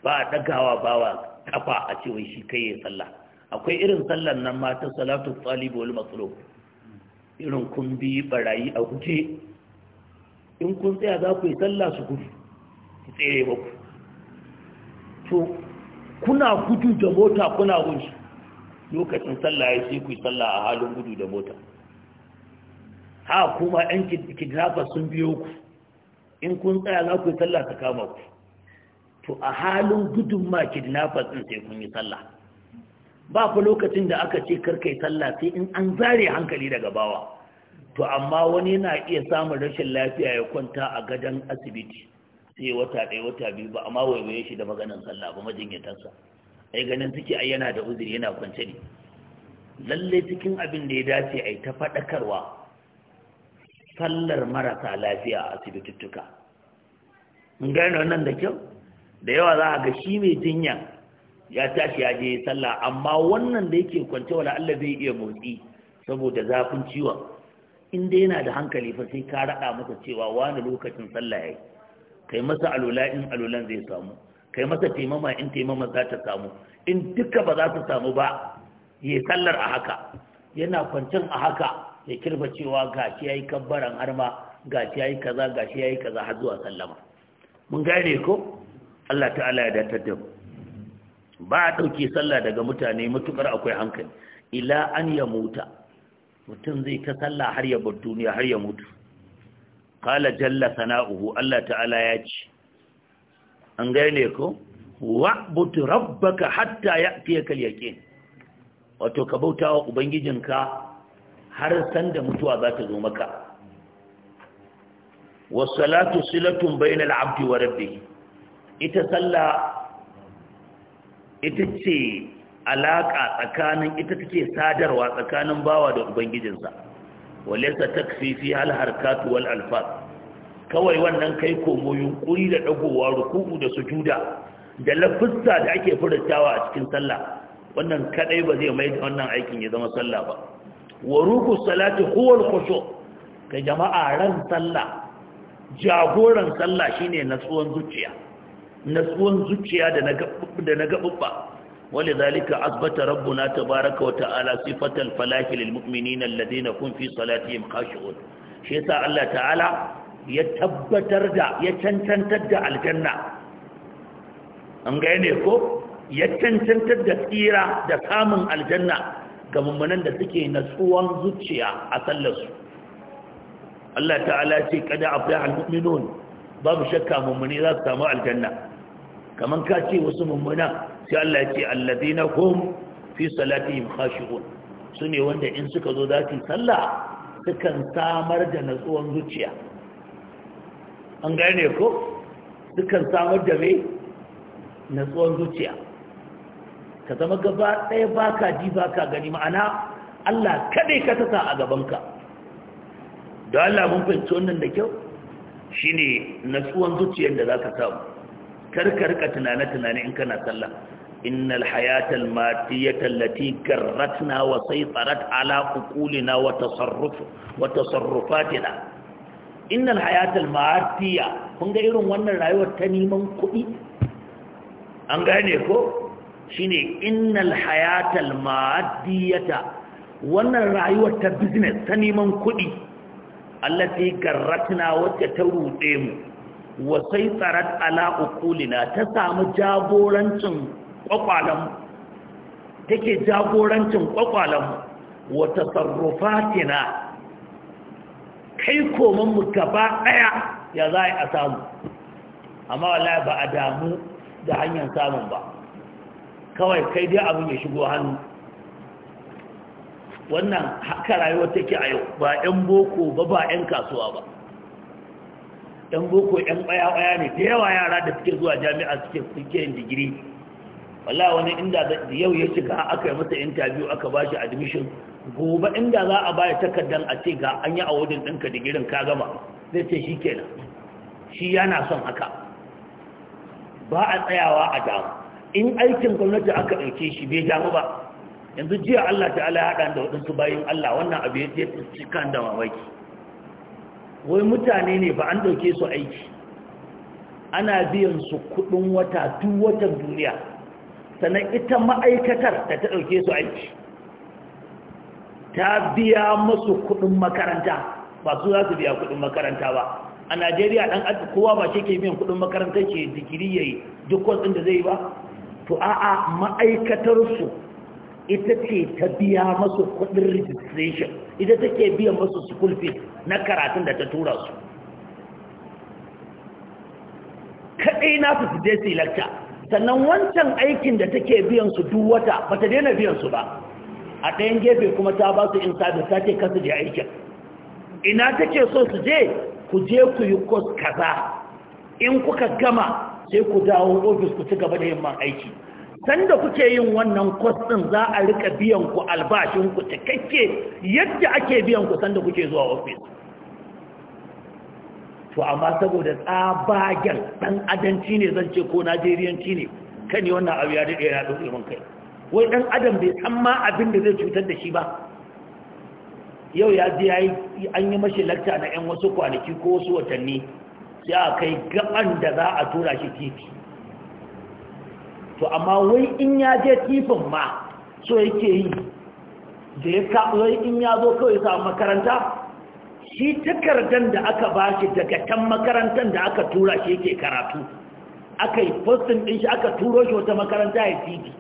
ba a ɗagawa bawa kafa a ce wai shi kai ya sallah akwai irin sallan nan ma ta salatu Tsalibu wal matlub irin kun bi barayi a guje in kun tsaya za ku yi sallah su gudu ku tsere ba ku to kuna gudu da mota kuna gudu lokacin sallah ya sai ku yi sallah a halin gudu da mota ha kuma yan kidnappers sun biyo ku in kun tsaya za ku yi sallah ta kama ku to a halin gudun ma kidnappers din sai kun yi sallah ba ku lokacin da aka ce kar kai sallah sai in an zare hankali daga bawa to amma wani yana iya samun rashin lafiya ya kwanta a gadon asibiti sai wata ɗaya wata biyu ba amma waiwaye shi da maganin sallah ba majinyatarsa ai ganin suke ai yana da uzuri yana kwance ne Lallai cikin abin da ya dace ai ta faɗakarwa sallar marasa lafiya a asibitittuka mun gane wannan da kyau da yawa za a ga shi mai jinya ya tashi ya je sallah amma wannan da yake kwance wala Allah zai iya motsi saboda zafin ciwon in dai yana da hankali fa sai ka rada masa cewa wani lokacin sallah yayi kai masa alula in alulan zai samu kai masa taimama in taimama za ta samu in duka ba za ta samu ba yi sallar a haka yana kwancin a haka ya kirba cewa gashi yayi kabbaran harma gashi yayi kaza gashi yayi kaza har zuwa sallama mun gane ko Allah ta'ala ya datar da ba a dauke sallah daga mutane mutukar akwai hankali ila an ya muta mutum zai ta sallah har ya bar duniya har ya mutu qala jalla sana'uhu Allah ta'ala ya ce an gane ko wa'bud rabbaka hatta ya'tiyakal yaqin wato ka bautawa ubangijinka har sanda mutuwa za ta zo maka wasalatu silatun bainal abdi wa rabbi ita ita ce alaka tsakanin ita take sadarwa tsakanin bawa da ubangijinsa wale takfi fi hal harkatu wal alfaz kawai wannan kai komo yunkuri da ɗagowa, ruku'u da sujuda da lafissa da ake furtawa a cikin sallah wannan kaɗai ba zai mai wannan aikin ya zama sallah ba wa salati huwal khushu ga jama'a ran sallah jagoran sallah shine natsuwan zuciya natsuwan zuciya da na gabbu da na gabbuba walizalika azbata rabbuna tabaaraka wa ta'ala sifata al-falahi lil mu'minina alladhina kun fi salatihim khashu'un shi yasa Allah ta'ala ya tabbatar da ya cancantar da aljanna an gane ko ya cancantar da tsira da samun aljanna ga mummunan da suke natsuwan zuciya a sallarsu Allah ta'ala ce kada aflaha almu'minun babu shakka mummuni za su samu aljanna kaman ka ce wasu mummuna sai Allah ya ce alladina hum fi salatihim khashi'un sune wanda in suka zo za sallah sukan samar da natsuwan zuciya an gane ko sukan samar da mai natsuwan zuciya ka zama gaba ɗaya baka ji gani ma'ana Allah kaɗai ka a gabanka don Allah mun fahimci wannan da kyau shine natsuwan zuciyar da ka samu karkarka tunane-tunane in kana sallah innal hayatal matiyata allati karratna wa tsarat ala uqulina wa tasarrufatina innal hayatal matiya kun ga irin wannan rayuwar ta neman kuɗi an gane ko shine innal hayatal maddiyata wannan rayuwar ta business ta neman kuɗi allati garratna wacce ta rude mu wa sai tsarat ala uqulina ta samu jagorancin kwakwalan take jagorancin kwakwalan wa tasarrufatina kai koman mu gaba daya ya za a samu amma wallahi ba a damu da hanyar samun ba kawai kai dai abin ya shigo hannu wannan haka rayuwa take a yau ba 'yan boko ba ba 'yan kasuwa ba 'yan boko 'yan ɓaya-ɓaya ne da yawa yara da suke zuwa jami'a suke suke yin digiri wala wani inda da yau ya shiga aka yi masa interview aka ba shi admission gobe inda za a baya takardan a ce ga an yi a wajen ɗinka digirin ka gama zai ce shi kenan shi yana son haka ba a tsayawa a damu in aikin gwamnati aka ɗauke shi bai damu ba yanzu jiya Allah ta'ala haɗa da waɗansu bayan Allah wannan abu ya ce cikin da mamaki wai mutane ne ba an ɗauke su aiki ana biyan su kuɗin wata duk watan duniya sannan ita ma'aikatar da ta ɗauke su aiki ta biya masu kuɗin makaranta ba su za su biya kuɗin makaranta ba a najeriya ɗan kowa ba shi ke biyan kuɗin makarantar ke digiri ya yi duk wasu da zai yi ba to a'a ma'aikatarsu ita ce ta biya masu kudin registration ita take biyan masu school na karatun da ta tura su kaɗai na su je su lakta sannan wancan aikin da take biyan su duk wata ba ta daina biyan su ba a ɗayan gefe kuma ta ba su in sabis ta ce kasu je aikin ina take so su je ku je ku yi kos kaza in kuka gama sai ku dawo ofis ku ci gaba da yamman aiki aiki sanda kuke yin wannan kwas ɗin za a rika biyan ku albashin ku cikakke yadda ake biyan ku sanda kuke zuwa ofis to amma saboda tsabagen ɗan adanci ne zan ce ko najeriyanci ne kan yi wannan abu ya daɗe ya ɗauke min kai wai ɗan adam bai san ma abin da zai cutar da shi ba yau ya je an yi mashi lakta na 'yan wasu kwanaki ko wasu watanni sai a kai gaban da za a tura shi titi to amma wai in ya je titin ma so yake yi da ya wai in ya zo kawai sa makaranta shi takardar da aka ba shi daga can makarantar da aka tura shi yake karatu aka yi postin ɗin shi aka turo shi wata makaranta ya titi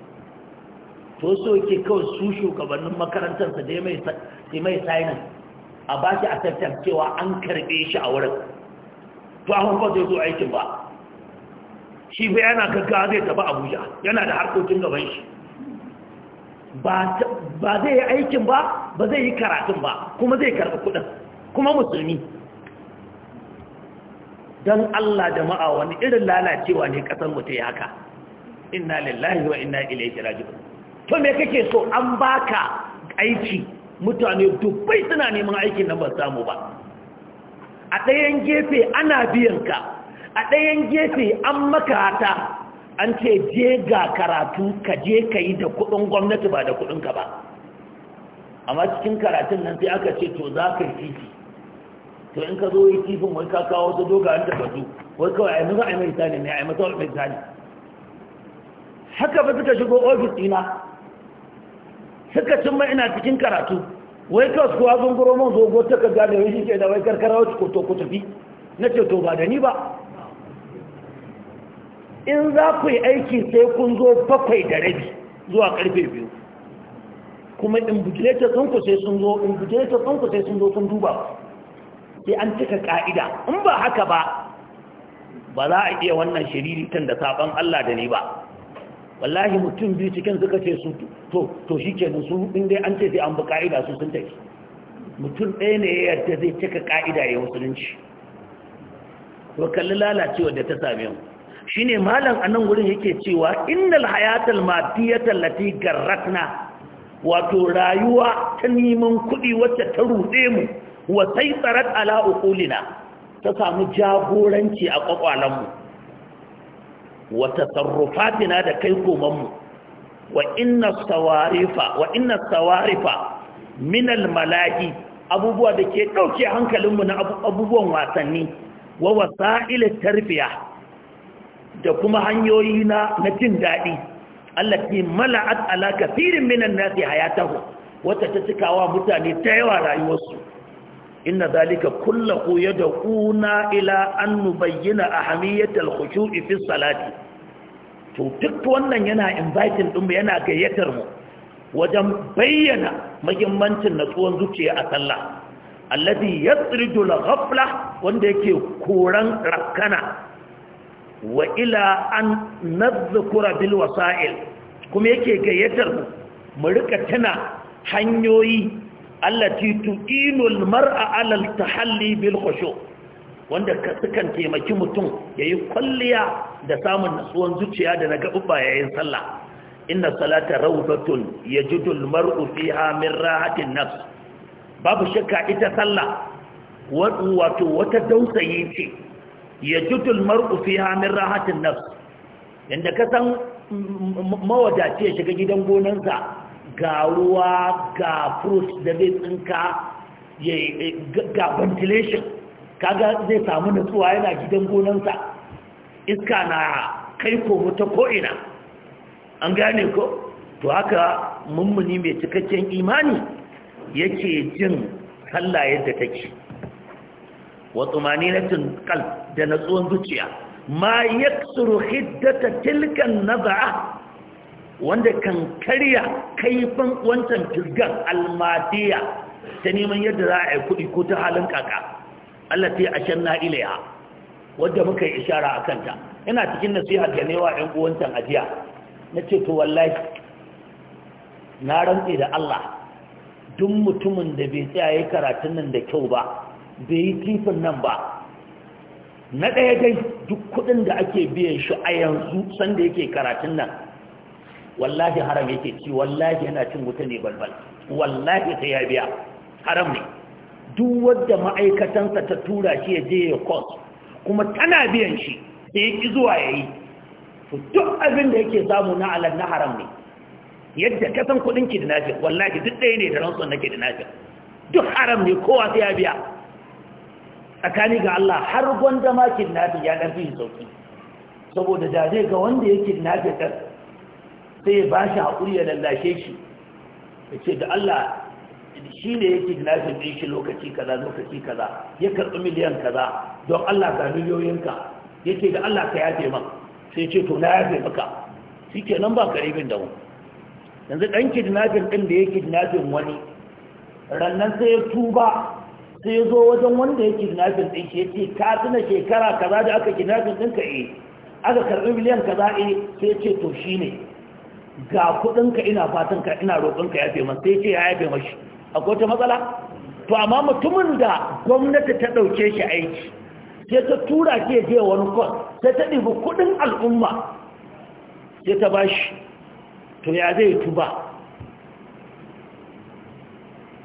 to so yake kawai su shugabannin makarantarsa da ya mai sayanin a ba shi a cewa an karɓe shi a wurin to a hankali zai zo aikin ba shi bai yana gaggawa zai taba abuja yana da harkokin gaban shi ba zai yi aikin ba ba zai yi karatun ba kuma zai karɓi kuɗin kuma musulmi don allah jama'a wani irin lalacewa ne ƙasar mutu ya haka inna lillahi wa inna ilaihi raji'un to me kake so an baka aiki mutane dubbai suna neman aikin nan ba samu ba a ɗayan gefe ana biyan ka a ɗayan gefe an makarata an ce je ga karatu ka je ka yi da kuɗin gwamnati ba da ka ba amma cikin karatun nan sai aka ce to za ka yi titi to in ka zo yi titin wai ka kawo wasu dogayen tabbatu wai kawai a yi maza a yi mai tsani ne a yi mata mai tsani haka ba suka shigo ofis dina suka cin ina cikin karatu wai kawai kuwa sun guro man zogo ta kaga da wani shi da wai karkara wacce ko to ku tafi na ce to ba da ni ba in za ku yi aiki sai kun zo bakwai da rabi zuwa karfe biyu kuma in invigilator sun ku sai sun zo in invigilator sun ku sai sun zo sun duba sai an cika ka'ida in ba haka ba ba za a iya wannan tun da sabon Allah da ni ba wallahi mutum biyu cikin suka ce su to to nan su in an ce sai an bi ka'ida su sun tafi mutum ɗaya ne ya yarda zai cika ka'ida ya musulunci to kalli lalacewa da ta same mu ne malam anan wurin yake cewa innal hayatal madiyata lati garratna wato rayuwa ta neman kuɗi wacce ta ruɗe mu wa sai tsarat ala uqulina ta samu jagoranci a kwakwalanmu Wata tasarrufatina da kai komanmu wa inna sawarifa sawarifa min almalahi abubuwa da ke dauke hankalinmu na abubuwan wasanni wa wasa'il tarbiya da kuma hanyoyi na daɗi. jin dadi allati mala'at ala kathirin minan nasi hayatahu wata ta cikawa mutane ta yawa rayuwarsu inna zalika kullahu yad'una ila an nubayyana ahamiyatal khushu'i fi salati to duk wannan yana inviting din mu yana gayyatar mu wajen bayyana muhimmancin natsuwan zuciya a sallah alladhi yatridu al-ghafla wanda yake koran rakkana wa ila an nadhkura bil wasa'il kuma yake gayyatar mu mu rika tana hanyoyi allati tu'inul mar'a 'ala al-tahalli bil khushu' wanda sukan taimaki mutum yayi kulliya da samun nasuwan zuciya da naga ubba yayin sallah inna salata rawdatun yajidul mar'u fiha min rahatin nafs babu shakka ita sallah wato wata dausayi ce yajidul mar'u fiha min rahatin nafs inda kasan mawadaci ya shiga gidan gonansa ga ruwa ga fruit da zai tsinka eh, ga ventilation kaga zai samu nutsuwa yana gidan gonansa iska na kai komo ta ko'ina an gane ko to haka mummuni mai cikakken imani yake jin sallah yadda take wa na kal da natsuwan zuciya ma yaksuru hiddata tilkan naza'a wanda kan karya kaifin wancan jirgin almadiya ta neman yadda za a yi kuɗi ko ta halin kaka Allah ta yi ashen na ilaya wadda muka yi ishara a kanta ina cikin nasihar da newa yan uwancan ajiya na ce to wallahi na rantse da Allah duk mutumin da bai tsaye karatun nan da kyau ba bai yi tifin nan ba na ɗaya dai duk kuɗin da ake biyan shi a yanzu sanda yake karatun nan wallahi haram yake ci wallahi yana cin wuta ne balbal wallahi sai ya biya haram ne duk wanda ma'aikatansa ta tura shi ya je ya kwas kuma tana biyan shi sai ya ki zuwa ya yi duk abin da yake samu na alal na haram ne yadda ka san kudin kidnapping wallahi duk ɗaya ne da ransu na kidnapping duk haram ne kowa sai ya biya tsakani ga Allah har gwanda ma kidnapping ya ɗan fi sauki saboda da zai ga wanda yake ya kidnapping sai ya bashi haƙuri ya lallashe shi ya ce da Allah shi ne yake ginashin ɗin shi lokaci kaza lokaci kaza ya karɓi miliyan kaza don Allah ga miliyoyinka yake da Allah ka yafe man sai ce to na yafe maka shi ke nan ba karibin da mu yanzu ɗan kidnafin ɗin da ya kidnafin wani rannan sai ya tuba sai ya zo wajen wanda ya kidnafin ɗin shi ya ce ka tuna shekara kaza da aka kidnafin ɗinka ka eh aka karɓi miliyan kaza eh sai ce to shi ne ga kudinka ina fatan ka ina roƙonka ya fi masu sai ce ya haife mashi akwai ta matsala to amma mutumin da gwamnati ta ɗauke shi aiki sai ta tura ke je wani kwan sai ta ɗibi kudin al'umma sai ta ba shi to ya zai tuba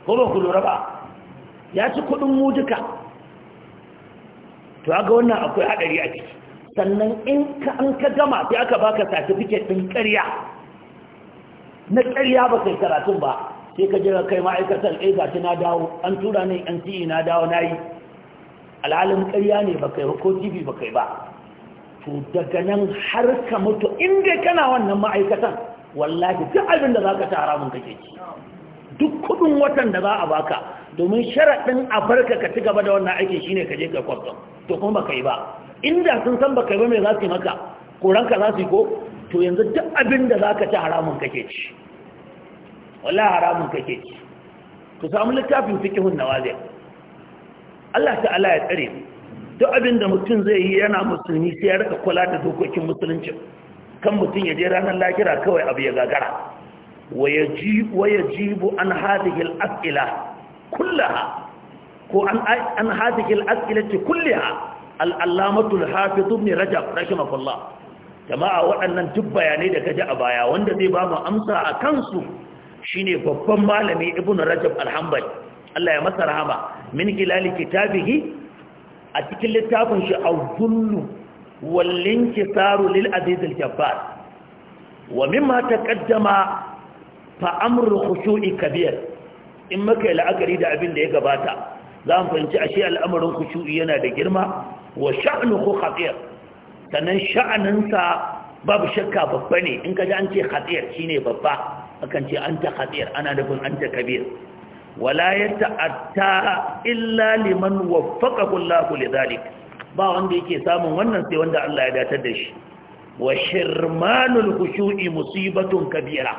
kuma ku lura ba ya ci kudin mu duka to ga wannan akwai haɗari a ciki sannan in ka an gama sai aka baka satifiket ɗin ƙarya na ƙarya ba kai karatun ba sai ka jira kai ma'aikatar ɗaya eh, gashi na dawo an tura ne an ci e, na dawo na yi alhalin ƙarya ne ba kai ko tv ba kai ba to daga nan har ka mutu inda kana wannan ma'aikatan wallahi duk abin da za ka ta haramun kake ci duk kudin watan da za a baka domin sharaɗin a farka ka ci gaba da wannan aiki shine ka je ka kwastam to kuma ba kai ba inda sun san ba kai ba mai za su yi maka ƙoranka za su yi ko to yanzu duk abin da za ka ci haramun kake ci wala haramun kake ci ku samu littafin fikihun nawazir Allah ta'ala ya tsare duk abin da mutum zai yi yana musulmi sai ya rika kula da dokokin musulunci kan mutum ya je ranar lahira kawai abu ya gagara wa yajibu an hadhihi al-as'ila kullaha ko an an hadhihi al-as'ila kullaha al-allamatu al-hafiz ibn rajab rahimahullah jama'a waɗannan duk bayanai da kaji a baya wanda zai ba mu amsa a kansu shine babban malami ibnu rajab al-hanbali Allah ya masa rahama min hilali kitabihi a cikin littafin shi al wal linkisaru lil aziz al-jabbar wa mimma taqaddama fa amru khushu'i kabir in muka yi la'akari da abin da ya gabata za mu fahimci ashe al'amarin khushu'i yana da girma wa sha'nuhu khatir sannan sha'aninsa babu shakka babba ne in ka ji an ce shine babba akan ce anta khatir ana nufin ta kabir wala yata'atta illa liman waffaqahu Allah lidhalik ba wanda yake samun wannan sai wanda Allah ya datar da shi wa shirmanul khushu'i musibatun kabira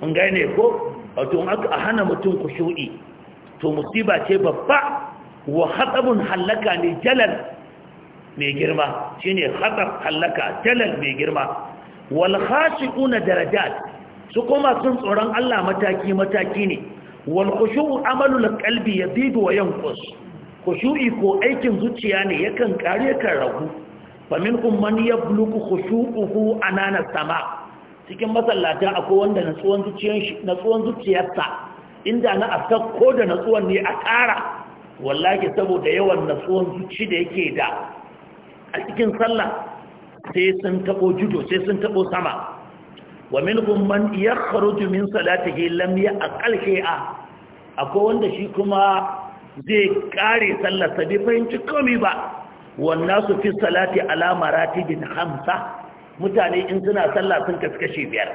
mun gane ko wato in aka hana mutum khushu'i to musiba ce babba wa hatsabun halaka ne jalal mai girma shi ne khatar hallaka talal mai girma Walhashi khashiquna darajat su kuma sun tsoron Allah mataki mataki ne amalu na kalbi ya yazidu wa yanqus khushu'i ko aikin zuciya ne yakan kare kan ragu faminkum man yabluku a nanar sama cikin masallata akwai wanda natsuwan zuciyarsa inda na ko da natsuwan ne a ƙara wallaki saboda yawan natsuwan zuci da yake da a cikin sallah sai sun tabo judo sai sun tabo sama wa minhum man yakhruju min salatihi lam yaqal shay'a akwai wanda shi kuma zai kare sallar sa bai fahimci komai ba wannan su fi salati ala maratibin hamsa mutane in suna sallah sun kaskashe biyar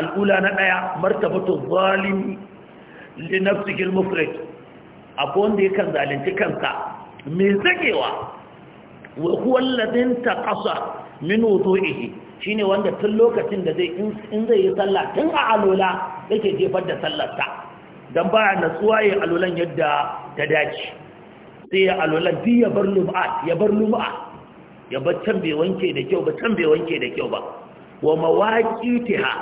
al'ula na daya martabatu zalimi li nafsihi al-mufrid akwai wanda yakan zalunci kansa mai zagewa wa huwa ta taqasa min wudu'ihi shine wanda tun lokacin da zai in zai yi sallah tun a alola yake jefar da don dan na tsuwa yi alolan yadda ta dace sai ya alolan bi ya bar lum'a ya bar lum'a ya bar can wanke da kyau ba can wanke da kyau ba wa mawaqitiha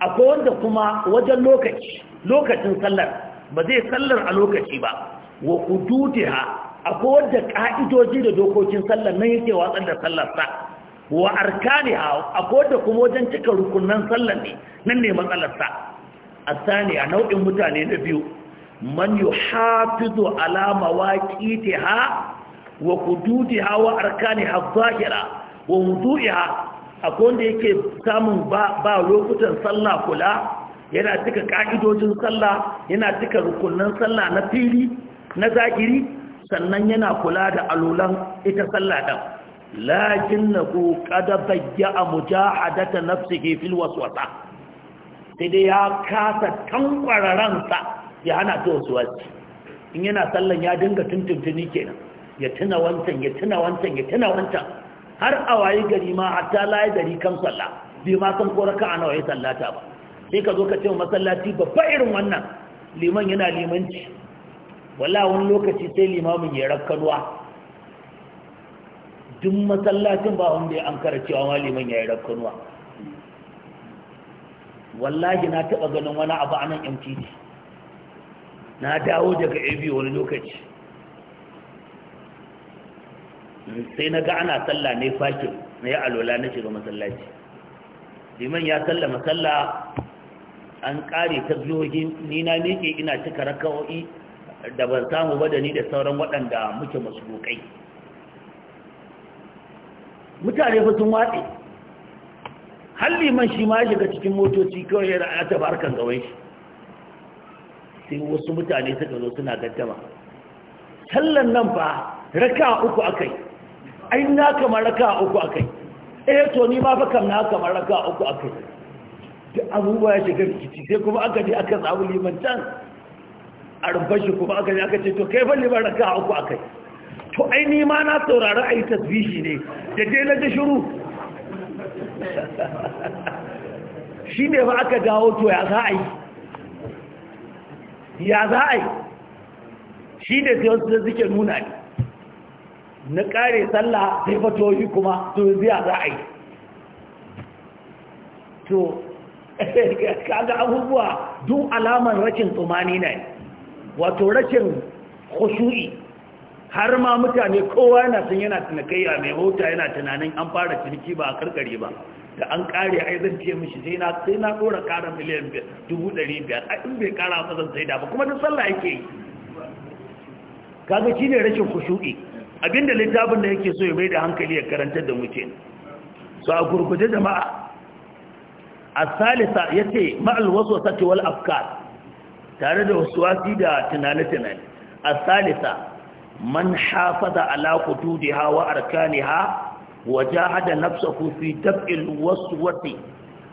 akwai wanda kuma wajen lokaci lokacin sallar ba zai sallar a lokaci ba wa kududiha akwai wadda ka'idoji da dokokin sallar nan yake watsar da sallarsa wa arkani akwai wadda kuma wajen cika rukunan sallar ne nan ne matsalarsa a sani a nau'in mutane na biyu man yi alama waƙi ha wa kududi ha wa arkani ha zahira wa wudu'i ha akwai wanda yake samun ba lokutan sallah kula yana cika ka'idojin sallah yana cika rukunan sallah na fili na zahiri sannan yana kula da alulan ita sallah na ku, kada bayya mujahadata nafsihi fil waswasa sai dai ya kasa tankwara ransa ya hana ta wasu. in yana sallan ya dinga tuntuntuni kenan ya tuna wancan ya tuna wancan ya tuna wancan har a waye gari ma hatta laye gari kan sallah bai ma san ko raka'a nawa ya sallata ba sai ka zo ka ce masallaci babba irin wannan liman yana limanci wala wani lokaci sai limamin ya rakkanuwa duk masallacin ba wanda ya an cewa liman ya yi rakkanuwa wallahi na taɓa ganin wani abu a nan mtd na dawo daga ab wani lokaci sai na ga ana sallah ne fakin na yi alola na shiga masallaci liman ya sallama sallah an ƙare ta zuwa ni na miƙe ina cika rakawo'i da ban samu ba da ni da sauran waɗanda muke masulukai mutane fa sun watse halli man shi ma shiga cikin motoci kawai ya ra'ata ba harkan gawai shi sai wasu mutane suka zo suna gaddama sallan nan fa raka uku akai ai na kamar raka uku akai eh to ni ma fa kam na kamar raka uku akai Da abubuwa ya shiga rikici sai kuma aka je aka samu liman can a rumfar kuma aka aka ce to kai fa liman raka a uku akai to ai ni ma na saurari a yi tasbihi ne da dai na ji shiru shi ne ba aka dawo to ya za a yi ya za a yi shi ne sai wasu suke nuna ne na kare sallah sai yi kuma to yanzu ya za a yi to kaga abubuwa duk alamar rashin tsumani ne wato rashin khushu'i har ma mutane kowa yana san yana tunakayya mai mota yana tunanin an fara ciniki ba a karkare ba da an kare ai zan ce mishi sai na sai na dora kara miliyan 500 ai in bai kara ba zan sai da ba kuma duk sallah yake yi kaga shine rashin khushu'i abinda littafin da yake so ya mai da hankali ya karanta da muke so a gurguje jama'a as-salisa yace ma'al waswasati wal afkar tare da wasu wasi da tunane-tunane a salisa man hafaza ala kutudiha wa arkaniha wa jahada nafsahu fi dab'il wasi,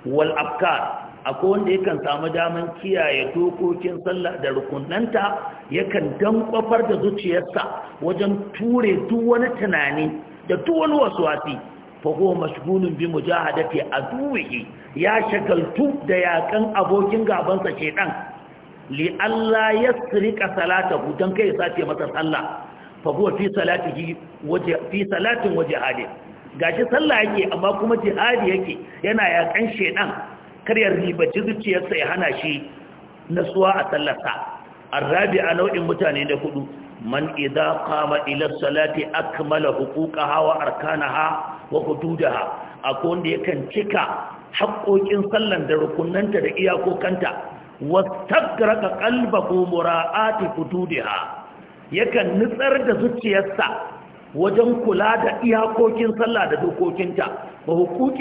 wal afkar akwai wanda yakan samu daman kiyaye dokokin sallah da rukunanta yakan dankwafar da zuciyarsa wajen ture duk wani tunani da duk wani wasi fago mashgulun bi mujahadati aduwihi ya shagaltu da yaƙan abokin gabansa shedan Allah ya sirika salatahu don kai sace masa sallah fa huwa fi salatihi waje fi salatin waje hadi gashi sallah yake amma kuma jihadi yake yana yakan shedan kar ya ribaci zuciyarsa ya hana shi nasuwa a sallarsa arabi a nau'in mutane da hudu man idza qama ila salati akmala huquqaha wa arkanaha wa hududaha akwai wanda yakan cika haƙoƙin sallan da rukunanta da iyakokanta wastagraka qalbahu mura'ati hududiha yakan nitsar da zuciyarsa wajen kula da iyakokin sallah da dokokinta wa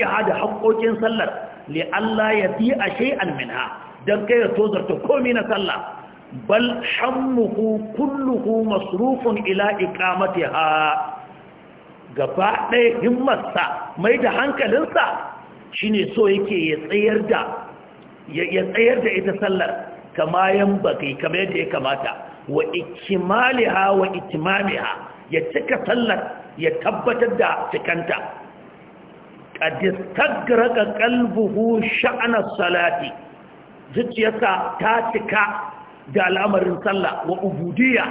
ha da haƙoƙin sallar li Allah ya fi a shay'an minha dan kai ya tozarta komai na sallah bal hammuhu kulluhu masrufun ila iqamatiha gaba ɗaya himmarsa mai da hankalinsa shine so yake ya tsayar da ya tsayar da ita sallar kama yan bakai kamar yadda ya kamata wa ikimaliha wa itimamiha ya cika sallar ya tabbatar da cikanta ƙadistagraka kalbuhu sha'anar salati zuciyarsa ta cika da al'amarin sallah wa ubudiyya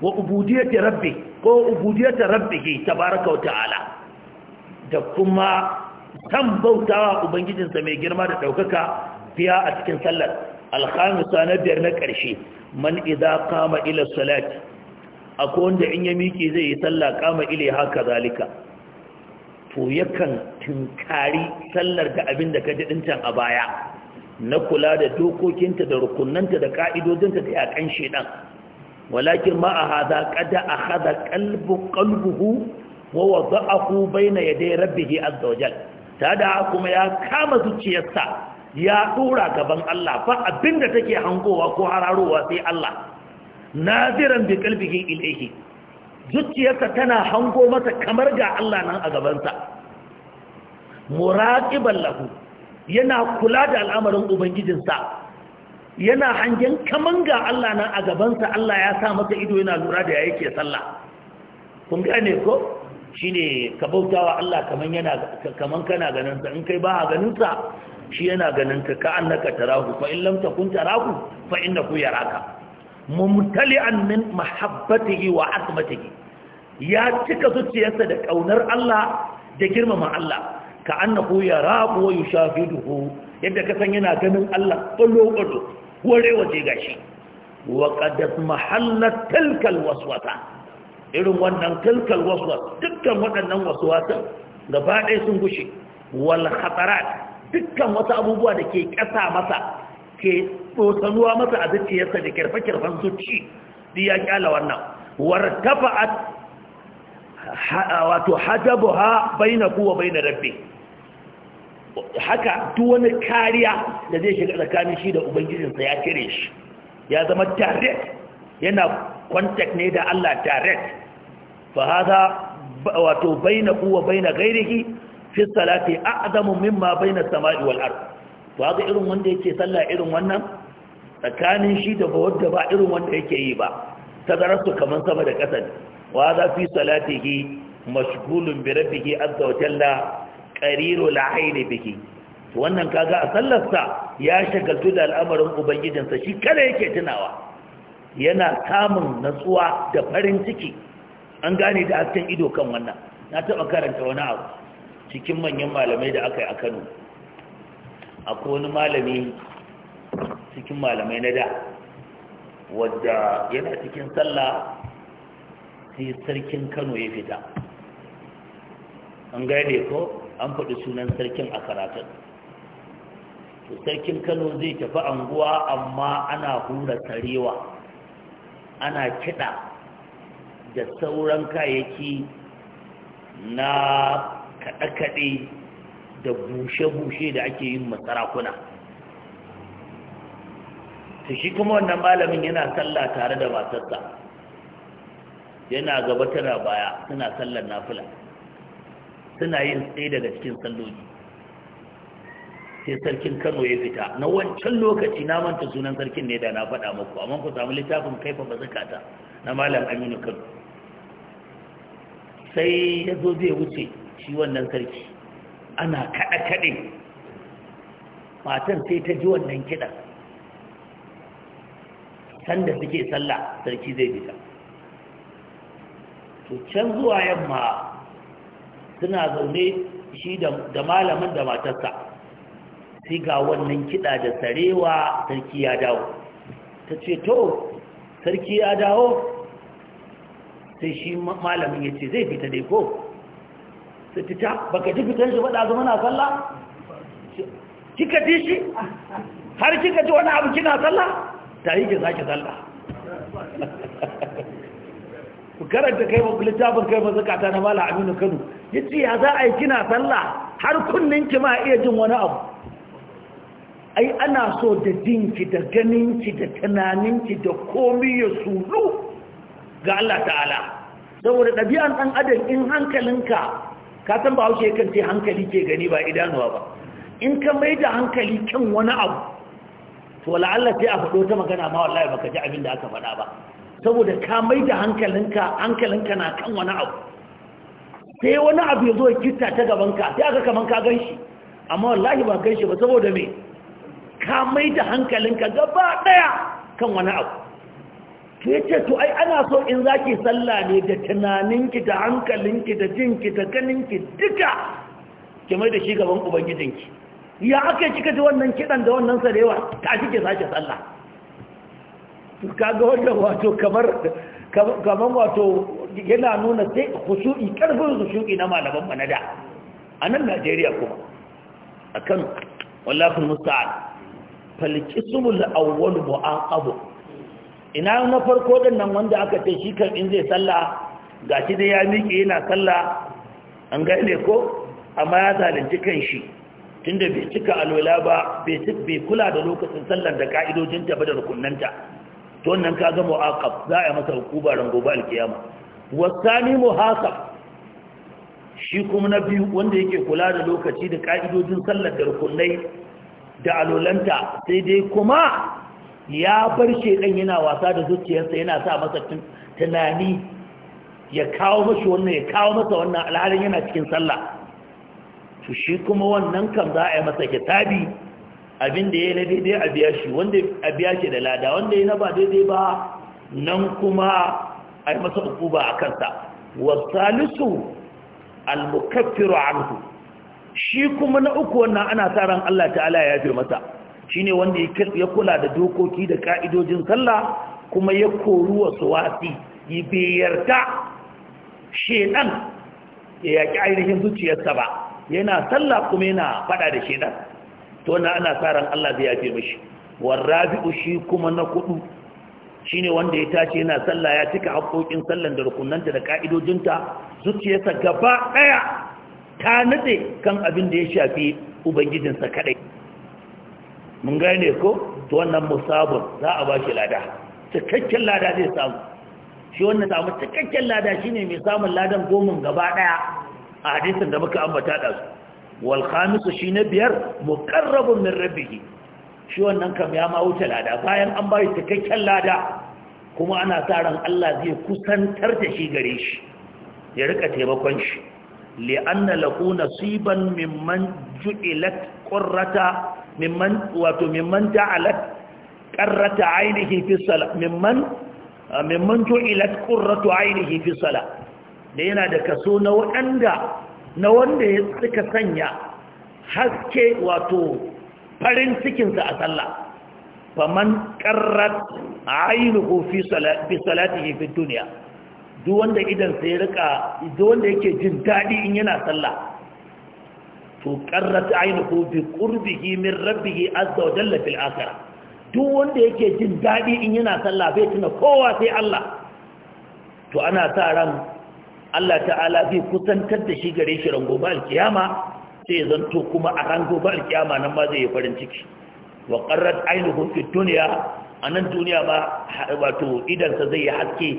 wa ubudiyyati rabbi ko ubudiyyati rabbihi tabaraka wa ta'ala da kuma san bautawa ubangijinsa mai girma da daukaka biya a cikin sallar alhamisa na biyar na ƙarshe man idza kama ila salati akwai wanda in ya miki zai yi sallah kama ila haka zalika to yakan tinkari sallar da abin da ka ji dintan a baya na kula da dokokinta da rukunanta da ka'idodinta da yakan shedan walakin ma a haza kada a hada kalbu kalbuhu wa wada'ahu bayna yaday rabbih azza wajal tada kuma ya kama zuciyarsa ya dora gaban Allah fa abinda take hangowa ko hararowa sai Allah naziran bi kalbihi ilayhi zuciyarsa tana hango masa kamar ga Allah nan a gabansa muraqiban lahu yana kula da al'amarin ubangijinsa yana hangen kaman ga Allah nan a gabansa Allah ya sa masa ido yana lura da yake sallah kun gane ko shine ka bautawa Allah kaman yana kaman kana ganin sa in kai ba ganin sa shi yana ganin ka ka annaka tarahu fa in lam takun tarahu fa innahu yaraka mumtali'an min mahabbatihi wa azmatihi ya cika zuciyarsa da kaunar Allah da girmama Allah ka annahu yarahu wa yushahiduhu yadda ka san yana ganin Allah kullu kullu ware waje gashi wa qad mahallat tilkal waswata irin wannan tilkal waswas dukkan waɗannan waswasan gaba ɗaya sun gushe wal khatarat dukkan wasu abubuwa da ke ƙasa masa ke tsosanuwa masa a zuciyarsa da kirfe-kirfen zuci duk ya kyala wannan a wato hajabuha baina kuwa baina rabbi haka duk wani kariya da zai shiga tsakanin shi da ubangijinsa ya cire shi ya zama direct yana kwantak ne da Allah direct fa hada wato baina kuwa baina gairiki fi salati a'zamu mimma baina samai wal ard to haka irin wanda yake sallah irin wannan tsakanin shi da wadda ba irin wanda yake yi ba tazarar kaman sama da ƙasa ne wa za fi salatihi mashghulun bi rabbihi azza wa jalla qariru al bihi to wannan kaga a sallarsa ya shagaltu da al'amarin ubangijinsa shi kada yake tunawa yana samun natsuwa da farin ciki an gane da hasken ido kan wannan na taɓa karanta wani abu cikin manyan malamai da aka yi a kano akwai wani malami cikin malamai na da wadda yana cikin sallah sai sarkin kano ya fita an gane ko an faɗi sunan sarkin a karatun to sarkin kano zai tafi anguwa amma ana hura tarewa ana kiɗa da sauran kayayyaki na kaɗe-kaɗe da bushe-bushe da ake yin masarakuna ta shi kuma wannan malamin yana sallah tare da matarsa yana gaba tana baya suna sallar nafila suna yin tsaye daga cikin salloli sai sarkin kano ya fita na wancan lokaci na manta sunan sarkin ne da na faɗa muku amma ku samu littafin kaifa ba zakata na malam aminu kano sai ya zo zai wuce shi wannan sarki ana kaɗe-kaɗe matan sai ta ji wannan kiɗan sanda suke sallah sarki zai fita to can zuwa yamma suna zaune shi da malamin da matarsa sai ga wannan kiɗa da sarewa sarki ya dawo ta ce to sarki ya dawo sai shi malamin ya ce zai fita dai ko su baka ji fitan shi faɗa zama na sallah kika ji shi har kika ji wani abu kina sallah ta yi ki zaki sallah ku karanta kai littafin kai mazakata na mala aminu kano ya ce ya za a yi kina sallah har kunninki ma iya jin wani abu ai ana so da jinki da ganinki da tunaninki da komi ya sulu ga Allah ta'ala saboda ɗabi'an ɗan adam in hankalinka ka san ba haushe kan ce hankali ke gani ba idanuwa ba in ka mai da hankali kan wani abu to la'alla sai a faɗo ta magana ma wallahi baka ji abin da aka faɗa ba saboda ka mai da hankalinka hankalinka na kan wani abu sai wani abu ya zo ya kitta ta gabanka sai aka kaman ka ganshi. shi amma wallahi ba gan shi ba saboda me ka mai da hankalinka gaba ɗaya kan wani abu sai ce to ai ana so in zaki sallah ne da tunaninki da hankalinki da jinki da ganinki duka ki mai da shi gaban ubangijinki ya aka kika ji wannan kidan da wannan sarewa ta kike sake sallah to kaga wannan wato kamar kamar wato yana nuna sai khushu'i karfin khushu'i na malaman manada a nan Najeriya kuma akan wallahi musta'an falqismul awwal abu. ina na farko din wanda aka ce shi kan in zai sallah shi dai ya miƙe yana sallah an gane ko amma ya zalunci kan shi tunda bai cika alwala ba bai kula da lokacin sallar da ka'idojinta ba da rukunnanta to wannan ka zama mu'aqab za a yi masa hukuba ran gobe alkiyama wasani muhasab shi kuma na biyu wanda yake kula da lokaci da ka'idojin sallar da rukunai da alolanta sai dai kuma ya bar shedan yana wasa da zuciyarsa yana sa masa tunani ya kawo mashi wannan ya kawo masa wannan alhalin yana cikin sallah to shi kuma wannan kan za a yi masa kitabi abin da yi na daidai a biya shi wanda a biya shi da lada wanda ya na ba daidai ba nan kuma a yi masa ukuba a kansa wasalisu almukaffiru anhu shi kuma na uku wannan ana sa ran Allah ta'ala ya yafe masa Shi ne wanda ya kula da dokoki da ka'idojin sallah kuma ya koru wasu wasi yi bai shaidan ya yaƙi ainihin zuciyarsa ba yana sallah kuma yana fada da shedan to na ana tsaron Allah zai yafe Wa warabi'u shi kuma na kudu ne wanda ya tashi yana sallah ya cika haƙoƙin sallan da rukunanta da ka'idojinta zuciyarsa gaba ɗaya ta nade kan abin da ya shafi ubangijinsa kaɗai. mun gane ko to wannan musabun za a ba shi lada cikakken lada zai samu shi wannan samu cikakken lada shine mai samun ladan gomin gaba daya a hadisin da muka ambata da su wal khamisu shi na biyar muqarrabun min rabbih shi wannan kam ya ma wuce lada bayan an bai cikakken lada kuma ana sa ran Allah zai kusantar da shi gare shi ya rika taimakon shi li'anna lahu nasiban mimman ju'ilat qurrata mimman wato mimman ja'alat qarrata ainihi fi salat mimman ah, mimman ju'ilat qurratu ainihi fi salat da yana da kaso na wanda na wanda ya suka sanya haske wato farin cikinsa a sallah faman qarrat ainihi fi salat bi salatihi fi dunya duk wanda idan sai rika duk wanda yake jin dadi in yana sallah to qarrat aynuhu bi qurbihi min rabbih azza wa jalla fil akhirah duk wanda yake jin dadi in yana sallah bai tuna kowa sai Allah to ana sa ran Allah ta'ala zai kusantar da shi gare shi rango ba alkiyama sai zanto kuma a rango ba alkiyama nan ma zai yi farin ciki wa qarrat aynuhu fi dunya anan duniya ba wato sa zai yi haske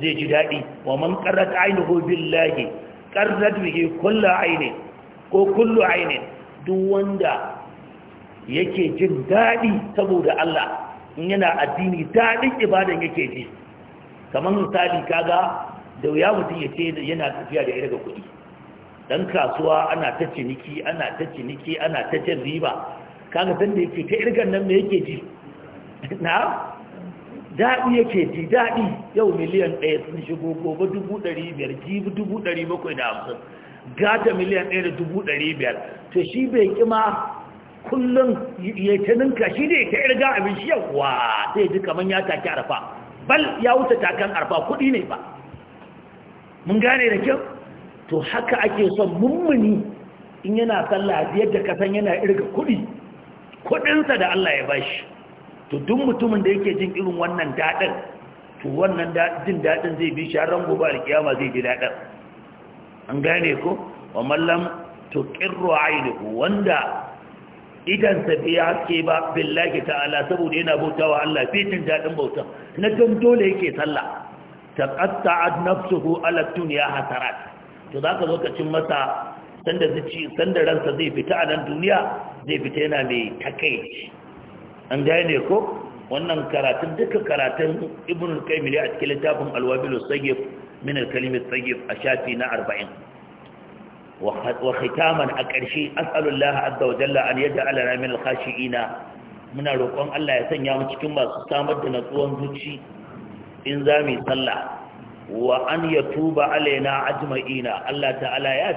zai ji dadi wa man qarrat aynuhu billahi qarrat bihi kullu aynin ko kullu ainin duk wanda yake jin daɗi saboda Allah in yana addini daɗin ibadan yake ji kamar misali kaga da wuya mutum ya ce yana tafiya da irin kuɗi dan kasuwa ana ta ciniki ana ta ciniki ana ta cin riba kaga dan da yake ta irgan nan me yake ji na daɗi yake ji daɗi yau miliyan ɗaya sun shigo gobe dubu ɗari biyar jibi dubu ɗari bakwai da hamsin gata miliyan ɗaya da dubu ɗari biyar to shi bai kima kullum ya ta ninka shi ne ta irga abin shi yawa sai ji kamar ya taki arfa bal ya wuce takan arfa kuɗi ne ba mun gane da kyau to haka ake son mummuni in yana sallah yadda ka san yana irga kuɗi kuɗinsa da Allah ya bashi to duk mutumin da yake jin irin wannan daɗin to wannan jin daɗin zai bi shi har rango ba alkiyama zai ji daɗin an gane ko wa mallam tuqirru ainuhu wanda idan sa bai haske ba billahi ta'ala saboda yana bautawa Allah bai jin dadin bauta na dan dole yake sallah taqatta'at nafsuhu ala dunya hasarat to zaka zo ka cin masa sanda zuci sanda ransa zai fita a nan duniya zai fita yana mai takaici an gane ko wannan karatun duka karatun ibnu al-qayyim ne a cikin littafin al-wabil as min al-kalimit a shafi na arba'in. wa a ƙarshe as'alullah azza wa jalla an yaj'ala lana min al-khashi'ina muna roƙon Allah ya sanya mu cikin masu samar da natsuwan zuci in za mu yi sallah wa an yatuba alaina ajma'ina Allah ta'ala ya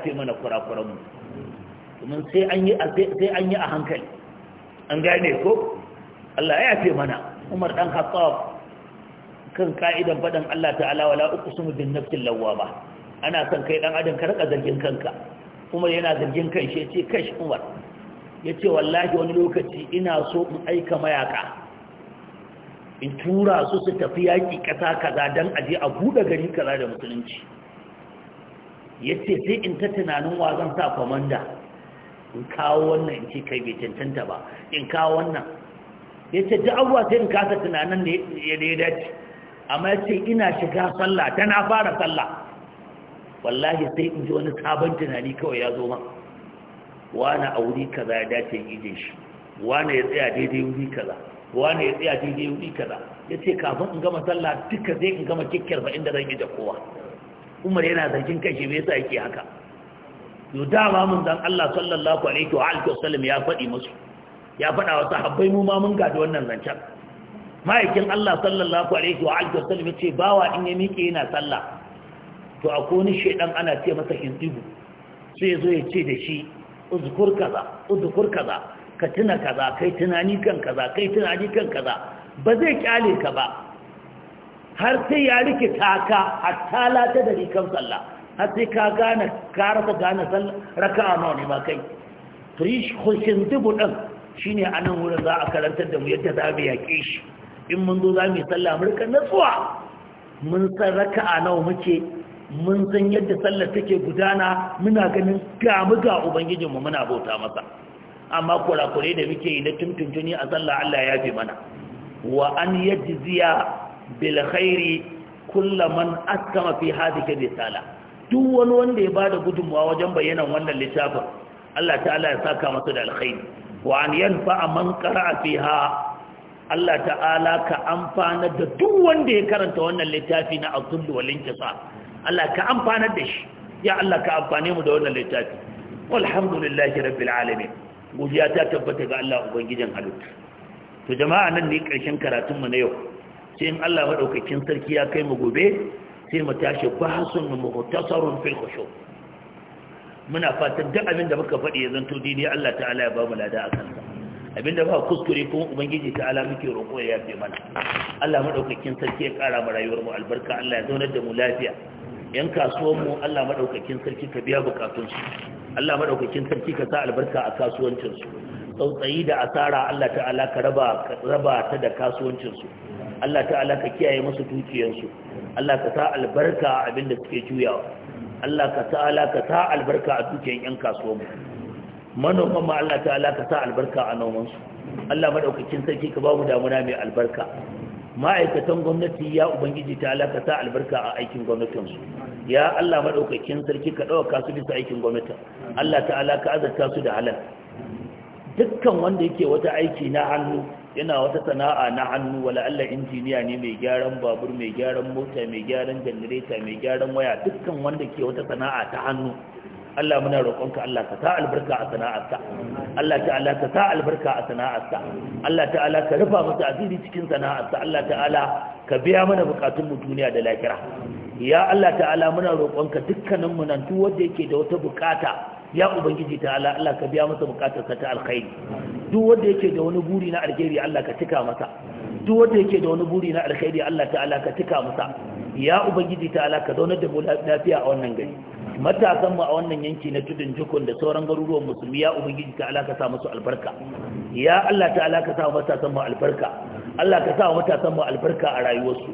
sai an yi a hankali an gane ko Allah ya mana Umar dan Khattab kan ka'idan faɗin Allah ta'ala wala uqsimu bin nafsil lawwama ana son kai dan adam ka rika zargin kanka Umar yana zargin kan shi yace shi Umar yace wallahi wani lokaci ina so in aika mayaka in tura su su tafi yaki kasa kaza dan aje a buɗe gari kaza da musulunci yace sai in ta tunanin wa zan sa komanda in kawo wannan in ce kai bai cancanta ba in kawo wannan ya ce ta abuwa sai in kasa tunanin da ya dace amma ya ce ina shiga sallah ta na fara sallah wallahi sai in ji wani sabon tunani kawai ya zo ma wani a wuri kaza ya dace in shi wani ya tsaya daidai wuri kaza wani ya tsaya daidai wuri kaza ya ce kafin in gama sallah duka sai in gama kikkiyar ba inda zan yi da kowa umar yana zargin kai shi me yasa yake haka yau dama mun dan Allah sallallahu alaihi wa alihi sallam ya faɗi musu ya faɗa wa sahabbai mu ma mun gadi wannan zancen ma'aikin Allah sallallahu alaihi wa alihi wasallam ce bawa in ya miƙe yana sallah to a ko ni shedan ana ce masa hindibu sai yazo ya ce da shi uzkur kaza uzkur kaza ka tuna kaza kai tunani kan kaza kai tunani kan kaza ba zai kyale ka ba har sai ya riki ka hatta lata da rikan sallah har sai ka gane ka rasa gane sallah raka'a nawa ne ba kai to yi khushin dubu ɗin shine anan wurin za a karantar da mu yadda za mu yaƙe shi in mun zo za mu yi sallah mu rika natsuwa mun san raka'a nawa muke mun san yadda sallah take gudana muna ganin ga mu ga ubangijinmu muna bauta masa amma kurakure da muke yi na tuntuntuni a sallah Allah ya fi mana wa an yajziya bil khairi kullu man askama fi hadhihi risala duk wani wanda ya bada gudunmuwa wajen bayyana wannan littafin Allah ta'ala ya saka masa da alkhairi wa an yanfa man qara'a fiha Allah ta'ala ka amfana da duk wanda ya karanta wannan littafi na Abdul walinqisa Allah ka amfana da shi ya Allah ka amfane mu da wannan littafi walhamdulillahi rabbil alamin godiya ta tabbata ga Allah ubangijin halitta to jama'a nan ne karshen karatun mu na yau sai in Allah madaukakin sarki ya kai mu gobe sai mu tashi bahasun muhtasarun fil khushu' muna fatan duk abin da muka faɗi ya zanto dini Allah ta'ala ya ba mu lada a kansa abinda ba kuskure kuma ubangiji ta ala muke roƙo ya yafe mana Allah madaukakin sarki ya ƙara mu rayuwar mu albarka Allah ya zaunar da mu lafiya yan kasuwar mu Allah madaukakin sarki ka biya bukatun su Allah madaukakin sarki ka sa albarka a kasuwancin su tsautsayi da asara Allah ta'ala ka raba raba ta da kasuwancin su Allah ta'ala ka kiyaye musu dukiyar su Allah ka sa albarka abinda suke juyawa Allah ka ta'ala ka sa albarka a dukiyar yan kasuwar mu manoman ma Allah ta'ala ka sa albarka a nomansu Allah madaukakin sarki ka babu damuna mai albarka ma'aikatan gwamnati ya ubangiji ala ka sa albarka a aikin gwamnatinsu ya Allah madaukakin sarki ka dauka su bisa aikin gwamnati Allah ta'ala ka azarta su da halal dukkan wanda yake wata aiki na hannu yana wata sana'a na hannu wala Allah injiniya ne mai gyaran babur mai gyaran mota mai gyaran janareta mai gyaran waya dukkan wanda ke wata sana'a ta hannu Allah muna roƙonka Allah ka sa albarka a sana'arsa Allah ta'ala ka sa albarka a sana'arsa Allah ta'ala ka rufa masa asiri cikin sana'arsa Allah ta'ala ka biya mana bukatun mu duniya da lafiya. ya Allah ta'ala muna roƙonka dukkanin mu nan duk wanda yake da wata buƙata ya ubangiji ta'ala Allah ka biya masa sa ta alkhairi duk wanda yake da wani buri na alkhairi Allah ka cika masa duk wanda yake da wani buri na alkhairi Allah ta'ala ka cika masa ya ubangiji ta alaka zaunar da mu lafiya a wannan gari matasan mu a wannan yanki na tudun jukun da sauran garuruwan musulmi ya ubangiji ta alaka sa musu albarka ya Allah ta alaka sa matasan mu albarka Allah ka sa matasan mu albarka a rayuwarsu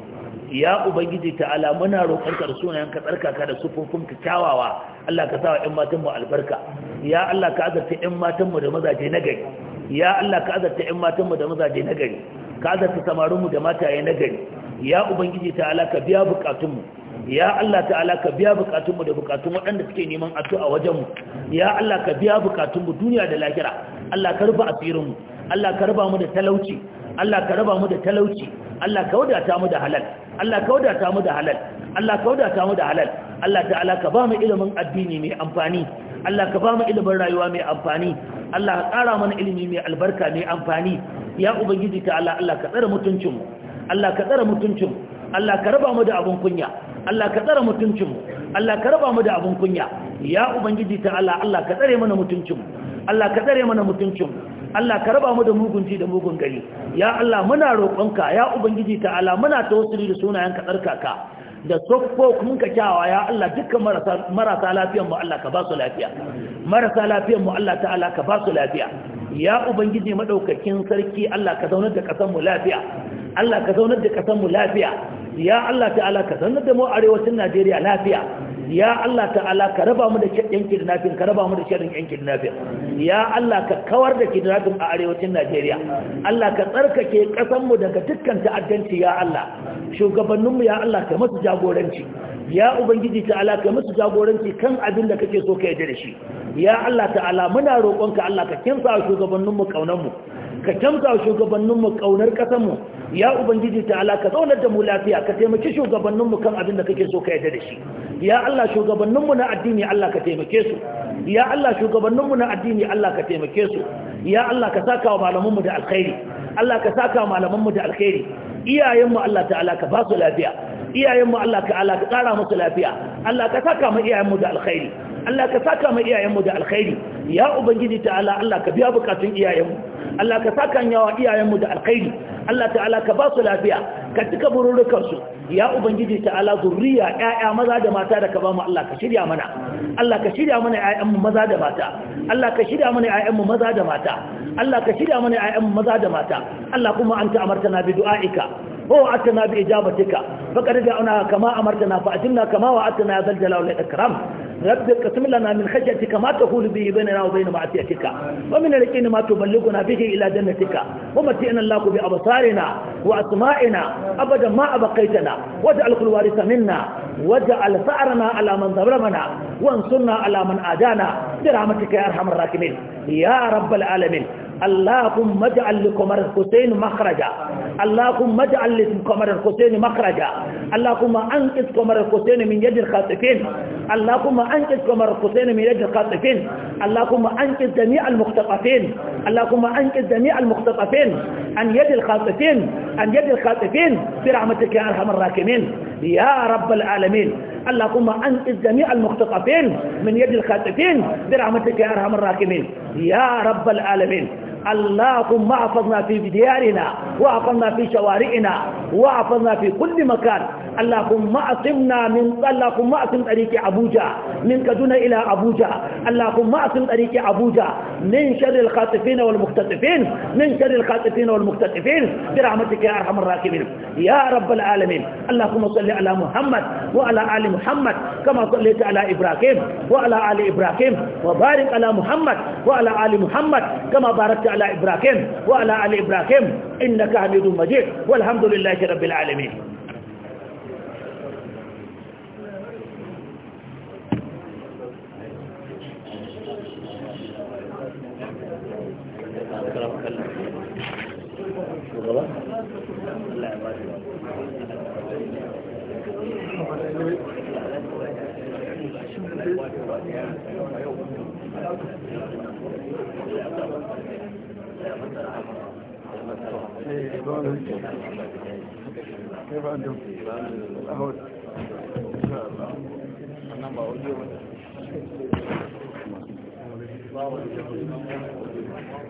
ya ubangiji ala muna roƙar ka sunayen ka tsarkaka da sufufun ka kyawawa Allah ka sa wa ƴan matan mu albarka ya Allah ka azarta ƴan matan mu da mazaje na gari ya Allah ka azarta ƴan matan mu da mazaje na gari ka azarta samarin mu da mataye na gari ya ubangiji ta'ala ka biya bukatunmu ya Allah ta'ala ka biya bukatunmu da bukatun waɗanda suke neman addu'a wajenmu ya Allah ka biya bukatunmu duniya da lahira Allah ka rufe asirinmu Allah ka raba mu da talauci Allah ka raba mu da talauci Allah ka wadata mu da halal Allah ka wadata mu da halal Allah ka wadata mu da halal Allah ta'ala ka ba mu ilimin addini mai amfani Allah ka ba mu ilimin rayuwa mai amfani Allah ka ƙara mana ilimi mai albarka mai amfani ya ubangiji ta'ala Allah ka tsare mutuncinmu Allah ka tsara mutuncin Allah ka raba mu da abun kunya Allah ka tsara mutuncin Allah ka raba mu da abun kunya ya ubangiji ta Allah Allah ka tsare mana mutuncin Allah ka tsare mana mutuncin Allah ka raba mu da mugunci da mugun gari ya Allah muna roƙonka ya ubangiji ta'ala muna tawassuli da sunayenka tsarkaka da sokkokin ka kyawa ya Allah dukkan marasa marasa lafiyar mu Allah ka ba su lafiya marasa lafiyar mu Allah ta'ala ka ba su lafiya ya ubangiji madaukakin sarki Allah ka zaunar da kasan mu lafiya Allah ka zaunar da kasanmu lafiya ya Allah ta'ala ka zaunar da mu arewacin Najeriya lafiya ya Allah ta'ala ka raba mu da yan kidnapping ka raba mu da shirin yan kidnapping ya Allah ka kawar da kidnapping a arewacin Najeriya Allah ka tsarkake kasanmu daga dukkan ta'addanci ya Allah shugabanninmu ya Allah ka masu jagoranci ya ubangiji ta'ala ka masu jagoranci kan abin da kake so ka yarda da shi ya Allah ta'ala muna roƙonka Allah ka kinsa shugabanninmu mu. ka wa shugabanninmu ƙaunar mu ya ubangiji ta'ala ka zaunar da mu lafiya ka taimaki shugabanninmu kan abin da kake so ka yarda da shi ya Allah shugabanninmu na addini Allah ka taimake su ya Allah shugabanninmu na addini Allah ka taimake su ya Allah ka saka wa mu da alkhairi Allah ka saka malamanmu da alkhairi iyayenmu Allah ta'ala ka ba su lafiya iyayenmu Allah ka ka ƙara musu lafiya Allah ka saka mu iyayenmu da alkhairi Allah ka saka mu iyayenmu da alkhairi ya ubangiji ta'ala Allah ka biya bukatun iyayenmu Allah ka saka yawa iyayenmu da alkhairi Allah ta'ala ka ba su lafiya ka cika bururukansu ya ubangiji ta'ala zurriya ƴaƴa maza da mata da ka ba mu Allah ka shirya mana Allah ka shirya mana mu maza da mata Allah ka shirya mana mu maza da mata Allah ka shirya mana mu maza da mata Allah kuma an ta'amarta na bi du'a'ika ko atta na bi ijabatika faqad ja'una kama amarta na fa atina kama wa atina ya zaljala wal ikram rabbi qasim lana min khajatika ma taqul bi bainana wa bain ma'atiyatika wa min alqini ma tuballighuna bihi ila jannatika wa mati'na Allah bi absarina wa asma'ina abada ma abqaitana waj'al kull waritha minna waj'al fa'rana ala man dhabrana wa ansurna ala man adana bi rahmatika ya arhamar rakimin ya rabbal alamin اللهم اجعل لقمر الحسين مخرجا اللهم اجعل لقمر الحسين مخرجا اللهم انقذ قمر الحسين من يد الخاطفين اللهم انقذ قمر الحسين من يد الخاطفين اللهم انقذ جميع المختطفين اللهم انقذ جميع المختطفين عن يد الخاطفين عن يد الخاطفين برحمتك يا ارحم الراحمين يا رب العالمين اللهم انقذ جميع المختطفين من يد الخاطفين برحمتك يا ارحم الراحمين يا رب العالمين اللهم احفظنا في ديارنا واحفظنا في شوارعنا واحفظنا في كل مكان اللهم اعصمنا من اللهم اعصم طريق ابوجا من كدونا الى ابوجا اللهم اعصم طريق ابوجا من شر الخاطفين والمختطفين من شر الخاطفين والمختطفين برحمتك يا ارحم الراحمين يا رب العالمين اللهم صل على محمد وعلى ال محمد كما صليت على ابراهيم وعلى ال ابراهيم وبارك على محمد وعلى ال محمد كما باركت على على إبراهيم وعلى آل إبراهيم إنك حميد مجيد والحمد لله رب العالمين Thank you. كيف أنتم؟ أهود إن شاء الله أنا ما أريد